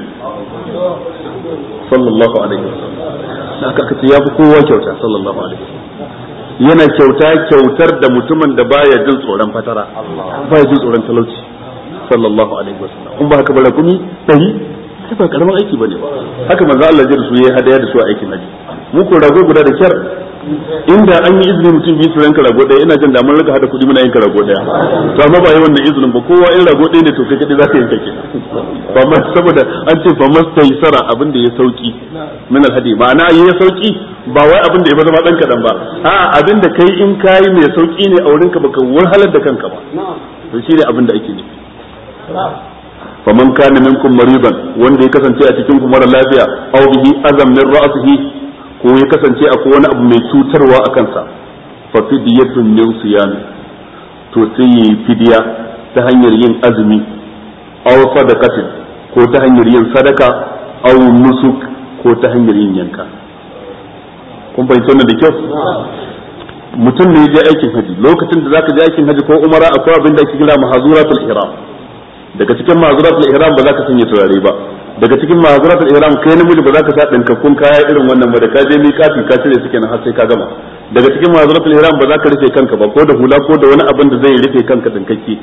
sallallahu alaihi wasallam aka kace yafi kowa kyauta sallallahu alaihi yana kyauta kyautar da mutumin da baya jin tsoron fatara baya jin tsoron talauci sallallahu alaihi wasallam in ba haka ba rakumi dai sai ba karaman aiki bane ba haka manzo Allah ya rasu yayi hadaya da su a aikin haji mu ko rago guda da kyar inda an yi izinin mutum biyu su ranka rago daya ina jin damar raka hada kuɗi muna yin ka rago daya to amma ba yi wannan izinin ba kowa in rago daya ne to kai kaɗai za ka yi ke saboda an ce fama sai sara abin da ya sauki min alhadi ma'ana ya sauki ba wai abin da ya zama dan kaɗan ba a abin da kai in yi mai sauki ne a wurinka baka wahalar da kanka ba to shi ne abin da ake nufi faman kana minkum mariban wanda ya kasance a cikin ku mara lafiya aw bihi azam min ra'sihi ko ya kasance akwai wani abu mai cutarwa a kansa fa fidiyatun min siyami to sai yi fidiya ta hanyar yin azumi aw sadaqatin ko ta hanyar yin sadaka aw nusuk ko ta hanyar yin yanka kun fahimci wannan da kyau mutum ne je aikin haji lokacin da zaka je aikin haji ko umara akwai abin da ake kira mahazuratul ihram daga cikin mahazuratul ihram ba za sanya turare ba daga cikin mahazuratul ihram kai namiji ba za ka sa dinkakkun kaya irin wannan ba da ka je miƙati ka cire suke nan har sai ka gama daga cikin mahazuratul ihram ba za ka rufe kanka ba ko da hula ko da wani abin da zai rufe kanka dinkakke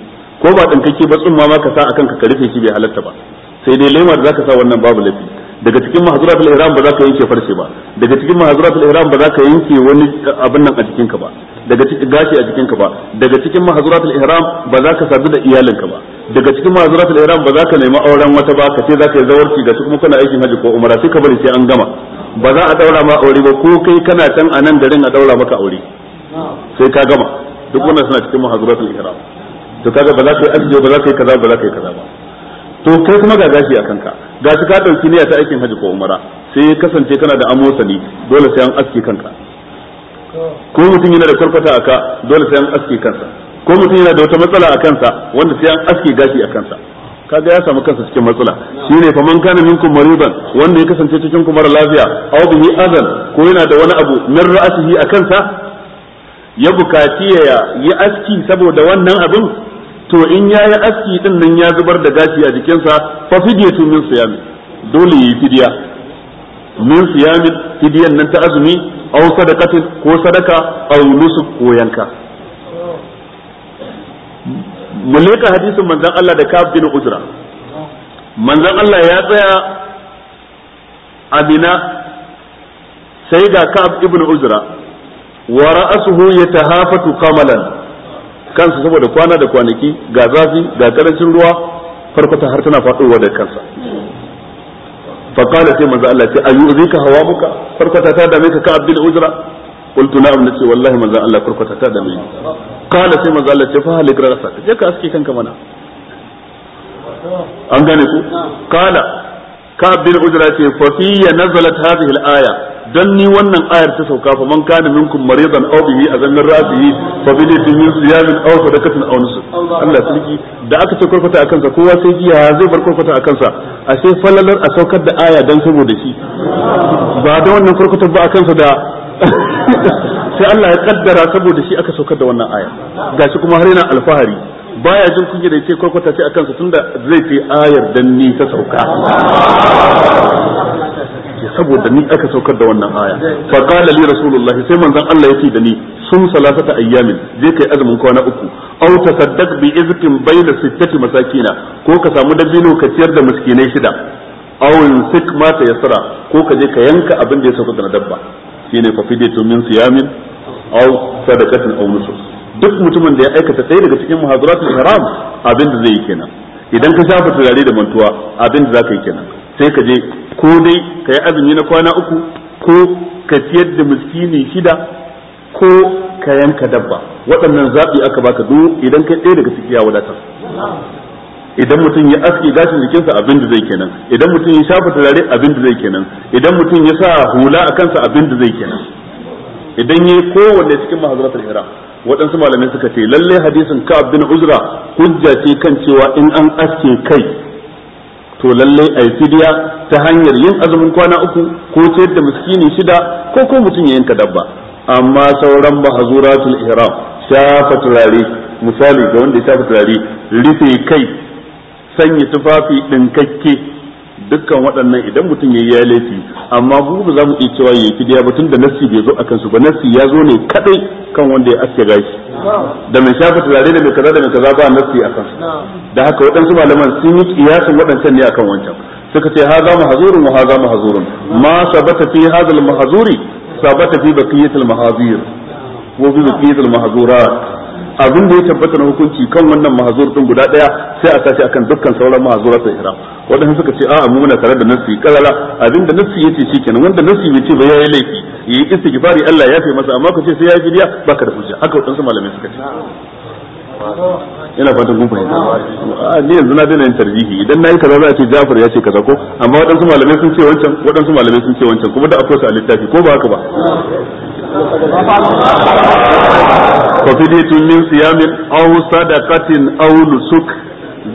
ko ba dinkakke ba tsumma ma ka sa akan ka rufe shi bai halatta ba sai dai lema da za ka sa wannan babu lafiya daga cikin mahzuratul ihram ba za ka yanke farce ba daga cikin mahzuratul ihram ba za ka yanke wani abin nan a jikinka ba daga cikin gashi a jikinka ba daga cikin mahzuratul ihram ba za ka sadu da ka ba daga cikin mahzuratul ihram ba za ka nemi auren wata ba ka ce za ka yi zawarci ga kuma kana aikin haji ko umara sai ka bari sai an gama ba za a daura ma aure ba ko kai kana can a nan garin a daura maka aure sai ka gama duk wannan suna cikin mahzuratul ihram to kaga ba za ka yi ajiyo ba za ka yi kaza ba za ka yi kaza ba to kai kuma ga gashi a kanka ga shi ka dauki niyya ta aikin haji ko umara sai ya kasance kana da amosani dole sai an aske kanka ko mutum yana da a ka, dole sai an aske kansa ko mutum yana da wata matsala a kansa wanda sai an aske gashi a kansa kaga ya samu kansa cikin matsala shine fa man kana minkum mariban wanda ya kasance cikin ku mara lafiya aw bihi azan ko yana da wani abu min ra'atihi a kansa ya bukaci ya yi aski saboda wannan abin to in ya yi aski din nan ya zubar da gashi a jikinsa fa fidyatu min siyami dole yi fidiya min siyami fidiyan nan ta azumi aw sadaqatin ko sadaka aw nusuk ko yanka mulika hadisin manzon Allah da Ka'ab bin Ujra
manzon Allah ya tsaya
a Mina sai ga Ka'ab ibn Ujra wa ra'asuhu yatahafatu qamalan kansa saboda kwana da kwanaki ga zafi ga karancin ruwa farkota har tana faɗowa da kansa faƙala sai manzo Allah ce uzi ka hawa muka farkota ta dame ka ka abdin ujra qultu na'am nace wallahi manzo Allah farkota ta dame ni qala sai manzo Allah ce fa halik rasa je ka aske kanka mana an gane ku qala ka abdin ujra ce fa fiya nazalat hadhihi al-aya dan ni wannan ayar ta sauka fa man kana minkum maridan aw bihi azan min fa bi li min siyamin aw sadaqatin aw nusuk Allah sarki da aka ce kurkuta akan sa kowa sai giya zai bar kurkuta akan sa a sai fallalar a saukar da aya dan saboda shi ba da wannan kurkutar ba akan sa da sai Allah ya kaddara saboda shi aka saukar da wannan aya gashi kuma har yana alfahari baya jin kunya da yake kurkuta ce akan sa tunda zai fi ayar dan ni ta sauka ce saboda ni aka saukar da wannan aya fa qala li rasulullahi sai manzon Allah yace da ni sun salasata ayyamin je kai azumin kwana uku aw tasaddaq bi izkin bayna sittati masakina ko ka samu dabino ka ciyar da miskinai shida aw sik ma ta yasra ko ka je ka yanka abin da ya sauka da dabba shine fa fidatu min siyamin aw sadaqatin aw nusuk duk mutumin da ya aikata ɗaya daga cikin muhazaratul haram abin da zai yi kenan idan ka shafa turare da mantuwa abin da zaka yi kenan sai ka je ko dai ka yi azumi na kwana uku ko ka siyar da miskini shida ko ka yanka dabba waɗannan zaɓi aka baka du idan kai ɗaya daga ciki ya wadata idan mutum ya aske gashin jikinsa abin da zai kenan idan mutum ya shafa turare abin da zai kenan idan mutum ya sa hula a kansa abin da zai kenan idan ya yi kowanne cikin mahazuratul hira waɗansu malamai suka ce lallai hadisin ka bin uzra hujja ce kan cewa in an aske kai to lalle ai fidiya ta hanyar yin azumin kwana uku ko ciyar da miskini shida ko ko mutum ya yanka dabba amma sauran mahzuratul ihram shafa turare misali ga wanda ya shafa turare rufe kai sanya tufafi ɗinkakke dukkan waɗannan idan mutum ya yi laifi amma mu ba za mu iya cewa ya fidiya ba tun da nassi bai zo a kansu ba nassi ya zo ne kadai kan wanda ya aske gashi da mai shafa turare da mai kaza da mai kaza ba nassi a kan da haka waɗansu malaman sun yi kiyasin waɗancan ne akan wancan suka ce haza mahzurun wa haza mahzurun ma sabata fi hadha mahazuri sabata fi baqiyatil mahazir wa fi baqiyatil mahazurat abin da ya tabbata na hukunci kan wannan mahazur din guda daya sai a tashi akan dukkan sauran mahazurat da ihram wadanda suka ce a'a mu muna tare da nassi kalala abin da nassi yace shikenan wanda nassi bai ce ba yayi laifi yi istighfari Allah ya fi masa amma ka ce sai ya fi diya baka da hujja haka wadansu malamai suka ce ina fatan kun fahimta a ah, ni yanzu na daina yin tarjihi idan na yi kaza za a ce Jafar ya ce kaza ko amma waɗansu malamai sun ce wancan waɗansu malamai sun ce wancan kuma da akwai su a littafi ko ba haka ba fafiditun min siyamin aw sadaqatin aw nusuk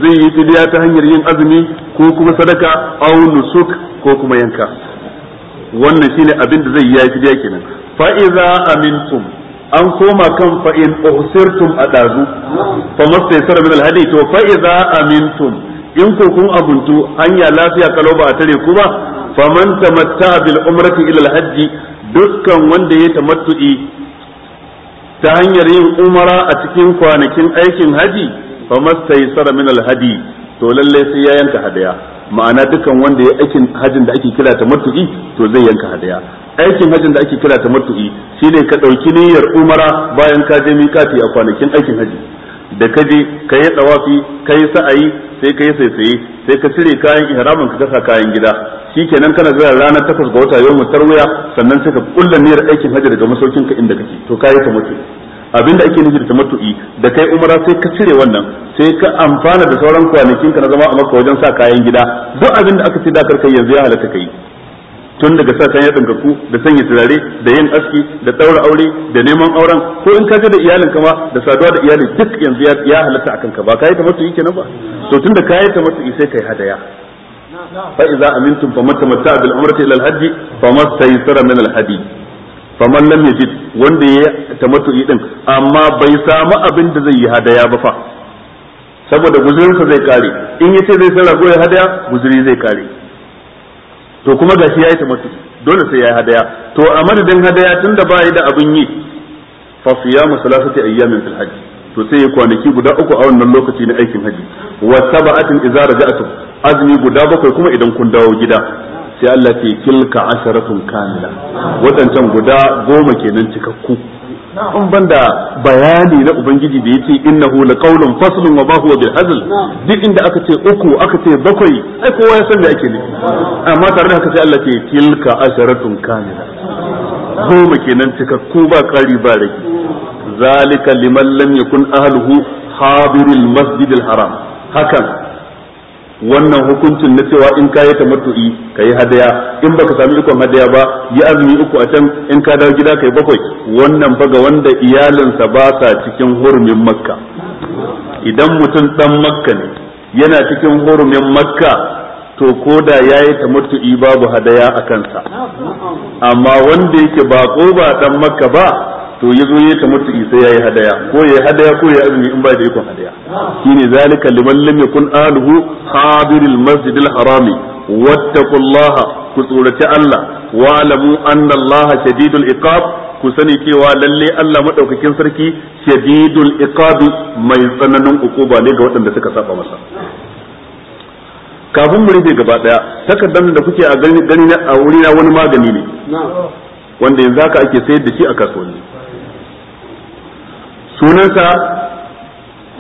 zai yi fidiya ta hanyar yin azumi ko kuma sadaka aw nusuk ko kuma yanka wannan shine abin da zai yi ya fidiya kenan fa iza amintum an koma kan fa'in in a ɗazu. fa mastaysara min alhadi to fa'iza idza amintum in ku kun abuntu hanya lafiya kalau ba a tare ku ba faman tamatta bil umrati ila alhaji dukkan wanda ya yi ta hanyar yin umara a cikin kwanakin aikin haji fa mastaysara min alhadi to lalle sai ya yanka hadaya ma'ana dukkan wanda ya aikin hajin da ake kira ta matu'i to zai yanka hadaya aikin hajjin da ake kira ta matu'i shi ne ka ɗauki niyyar umara bayan ka je miƙati a kwanakin aikin hajji da ka je ka yi tsawafi ka yi sa'ayi sai ka yi saisaye sai ka cire kayan ihramin ka kasa kayan gida Shi kenan kana zuwa ranar takwas ga wata yau tarwiya sannan sai ka kulla niyyar aikin hajji daga masaukin ka inda kake to ka yi ta Abin abinda ake nufi da matu'i da kai umara sai ka cire wannan sai ka amfana da sauran kwanakin ka na zama a maka wajen sa kayan gida duk abin da aka ce da karkai yanzu ya halatta kai tun daga sa kan ya ku da sanya turare da yin aski da daura aure da neman auren ko in ka da iyalin ka ma da saduwa da iyalin duk yanzu ya halatta akan ka ba kai ta mutu yake nan ba to tun da kai ta mutu sai kai hadaya fa idza amintum famattamatta bil umrati ila al hajji famastaysara min al hadi man lam yajid wanda ya ta mutu din amma bai samu abin da zai yi hadaya ba fa saboda guzurinsa zai kare in yace zai sarrafa rago ya hadaya guzuri zai kare to kuma gashi yayi mutu dole sai yayi hadaya to a madadin hadaya tunda ba yi da abin yi fa siyamu salasati ayyamin fil hajj to sai ya kwanaki guda uku a wannan lokaci na aikin haji wa sab'atin idza raja'atu azmi guda bakwai kuma idan kun dawo gida sai Allah ke kilka asharatun kamila wadancan guda goma kenan cikakku in
banda
bayani na ubangiji da yace innahu laqawlun faslun wa ma huwa bil duk inda aka ce uku aka ce bakwai ai kowa ya san da ake nufi amma tare da haka sai Allah ce tilka asharatun kamila goma kenan cikakku ba kari ba rage zalika liman lam yakun ahluhu habirul masjidil haram hakan wannan hukuncin na cewa in ka yi tamattu'i ka yi hadaya in baka sami ikon hadaya ba yi azumi uku a can in ka dawo gida ka yi bakwai wannan fa ga wanda iyalinsa ba sa cikin hurumin makka idan mutum dan makka ne yana cikin hurumin makka to ko da ya yi matu'i babu hadaya a kansa amma wanda yake ba ko ba dan makka ba to ya zo ya tamattu ya yi hadaya ko yi hadaya ko ya yi azumi in ba da ikon hadaya shine zalika liman lam yakun ahluhu hadiril masjidil harami wattaqullaha ku tsorati Allah wa alamu anna Allah shadidul iqab ku sani cewa lalle Allah madaukakin sarki shadidul iqab mai tsananin ukuba ne ga waɗanda suka saba masa kafin mu rufe gaba daya takardar da kuke a gani a wurina wani magani ne wanda yanzu haka ake sayar da shi a kasuwanni sunansa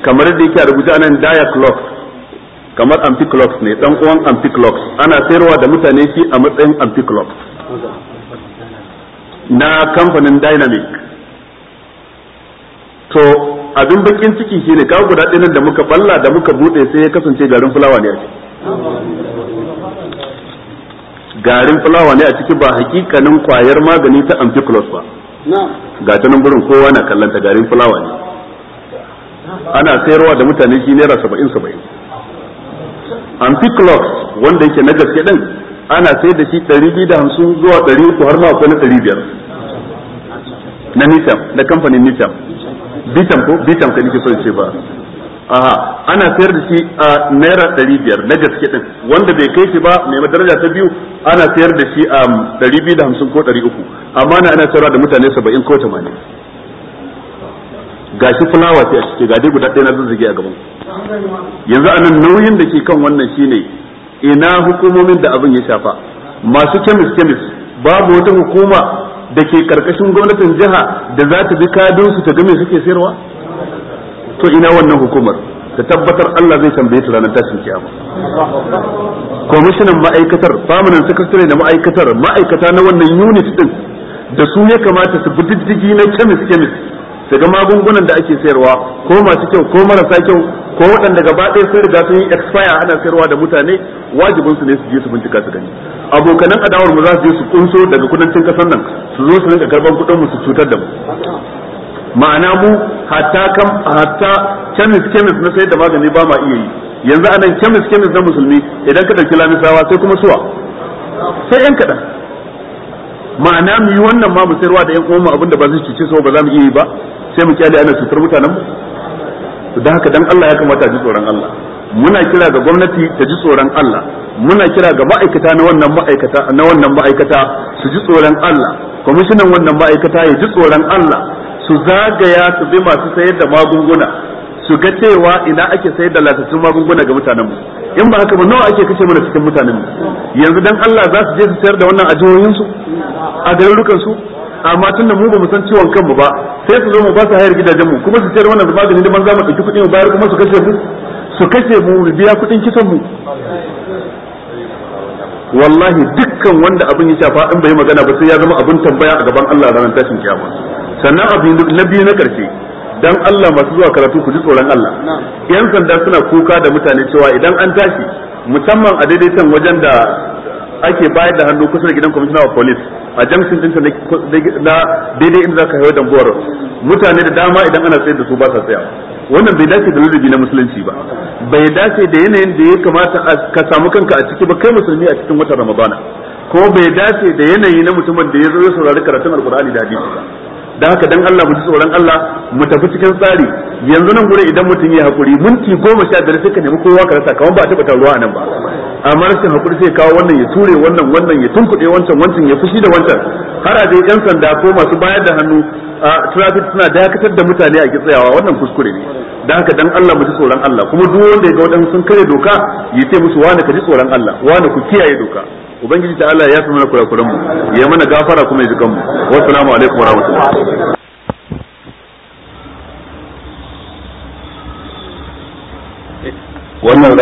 kamar da yake a rubuce anan diaclox kamar amphiclox ne dan uwan amphiclox ana sayarwa da mutane shi a matsayin amphiclox na kamfanin dynamic to abin bakin ciki shine ka guda ɗinin da muka balla da muka bude sai ya kasance garin fulawa ne a garin fulawa ne a ciki ba hakikanin kwayar magani ta amphiclox ba
ga
ta nan gurin kowa na kallon garin fulawa ne ana sayarwa da mutane shi naira saba'in saba'in amphiclox wanda yake na gaske din ana sayar da shi ɗari biyu da hamsin zuwa ɗari uku har ma akwai na ɗari biyar na nitam na kamfanin nitam bitam ko bitam ka nake so ce ba ana sayar da shi a naira ɗari biyar na gaske ɗin wanda bai kai shi ba mai madaraja ta biyu ana sayar da shi a um, ɗari biyu da hamsin ko ɗari uku amma na ana sayarwa da mutane saba'in ko tamanin Ga shi fulawa ce a cike ga dai guda ɗaya na zazzage a gaban yanzu anan nauyin da ke kan wannan shi ne, ina hukumomin da abin ya shafa masu kemis kemis babu wata hukuma da ke karkashin gwamnatin jiha da za ta bi kadin su ta game suke sayarwa to ina wannan hukumar da tabbatar Allah zai tambaye ta ranar tashin kiyama kwamishinan ma'aikatar famanin sakatare da ma'aikatar ma'aikata na wannan unit din da su ya kamata su bi diddigi na kemis kemis daga magungunan da ake sayarwa ko masu kyau ko marasa kyau ko waɗanda gaba ɗaya sun riga sun yi expire ana sayarwa da mutane wajibin su ne su je su bincika su gani abokanan adawar mu za su je su kunso daga kudancin kasar nan su zo su rinka karban kuɗin mu su cutar da mu ma'ana mu hatta kan hatta kemis kemis na sai da magani ba ma iya yi yanzu anan kemis kemis na musulmi idan ka dauki lamisawa sai kuma suwa sai yan kada ma'ana mu yi wannan ma mu sayarwa da yan uwan abinda ba zai cice su ba za mu iya yi ba sai mu kyale ana cutar mutanen mu da haka dan Allah ya kamata a ji tsoron Allah muna kira ga gwamnati ta ji tsoron Allah muna kira ga ma'aikata na wannan ma'aikata na wannan ma'aikata su ji tsoron Allah kwamishinan wannan ma'aikata ya ji tsoron Allah su zagaya su bi masu sayar da magunguna su ga cewa ina ake sayar da latattun magunguna ga mutanen mu in ba haka ba nawa ake kace mana cikin mutanen mu yanzu dan Allah za su je su sayar da wannan a jihohin su a garurukan su amma tunda mu ba mu san ciwon kanmu ba sai su zo mu ba su hayar gidajen mu kuma su sayar wannan magani da ban za mu dauki mu bayar kuma su kashe mu su kashe mu biya kuɗin kisan mu wallahi dukkan wanda abin ya shafa in bai magana ba sai ya zama abin tambaya a gaban Allah ranar tashin kiyama sannan abu na biyu na karshe dan Allah masu zuwa karatu ku ji tsoron Allah yan sanda suna kuka da mutane cewa idan an tashi musamman a daidai can wajen da ake bayar da hannu kusa da gidan commissioner of police a junction din na daidai inda zaka da dambuwar mutane da dama idan ana tsayar da su ba sa tsaya wannan bai dace da ladabi na musulunci ba bai dace da yanayin da ya kamata ka samu kanka a ciki ba kai musulmi a cikin watan ramadana ko bai dace da yanayi na mutumin da ya zo ya saurari karatun alkur'ani da hadisi ba da haka dan Allah mu ji tsoron Allah mu tafi cikin tsari yanzu nan gure idan mutum ya hakuri minti goma sha biyar sai ka nemi kowa ka rasa kamar ba a taɓa ruwa nan ba amma rashin hakuri sai kawo wannan ya ture wannan wannan ya tunkuɗe wancan wancan ya fushi da wancan har a dai yan sanda ko masu bayar da hannu a traffic suna dakatar da mutane a tsayawa wannan kuskure ne da haka dan Allah mu ji tsoron Allah kuma duk wanda ya ga wadansu sun kare doka ya ce musu wani ka ji tsoron Allah wani ku kiyaye doka ubangiji ta Allah ya fi mana kurakuran mu ya mana gafara kuma ya ji kanmu salamu alaikum wa wannan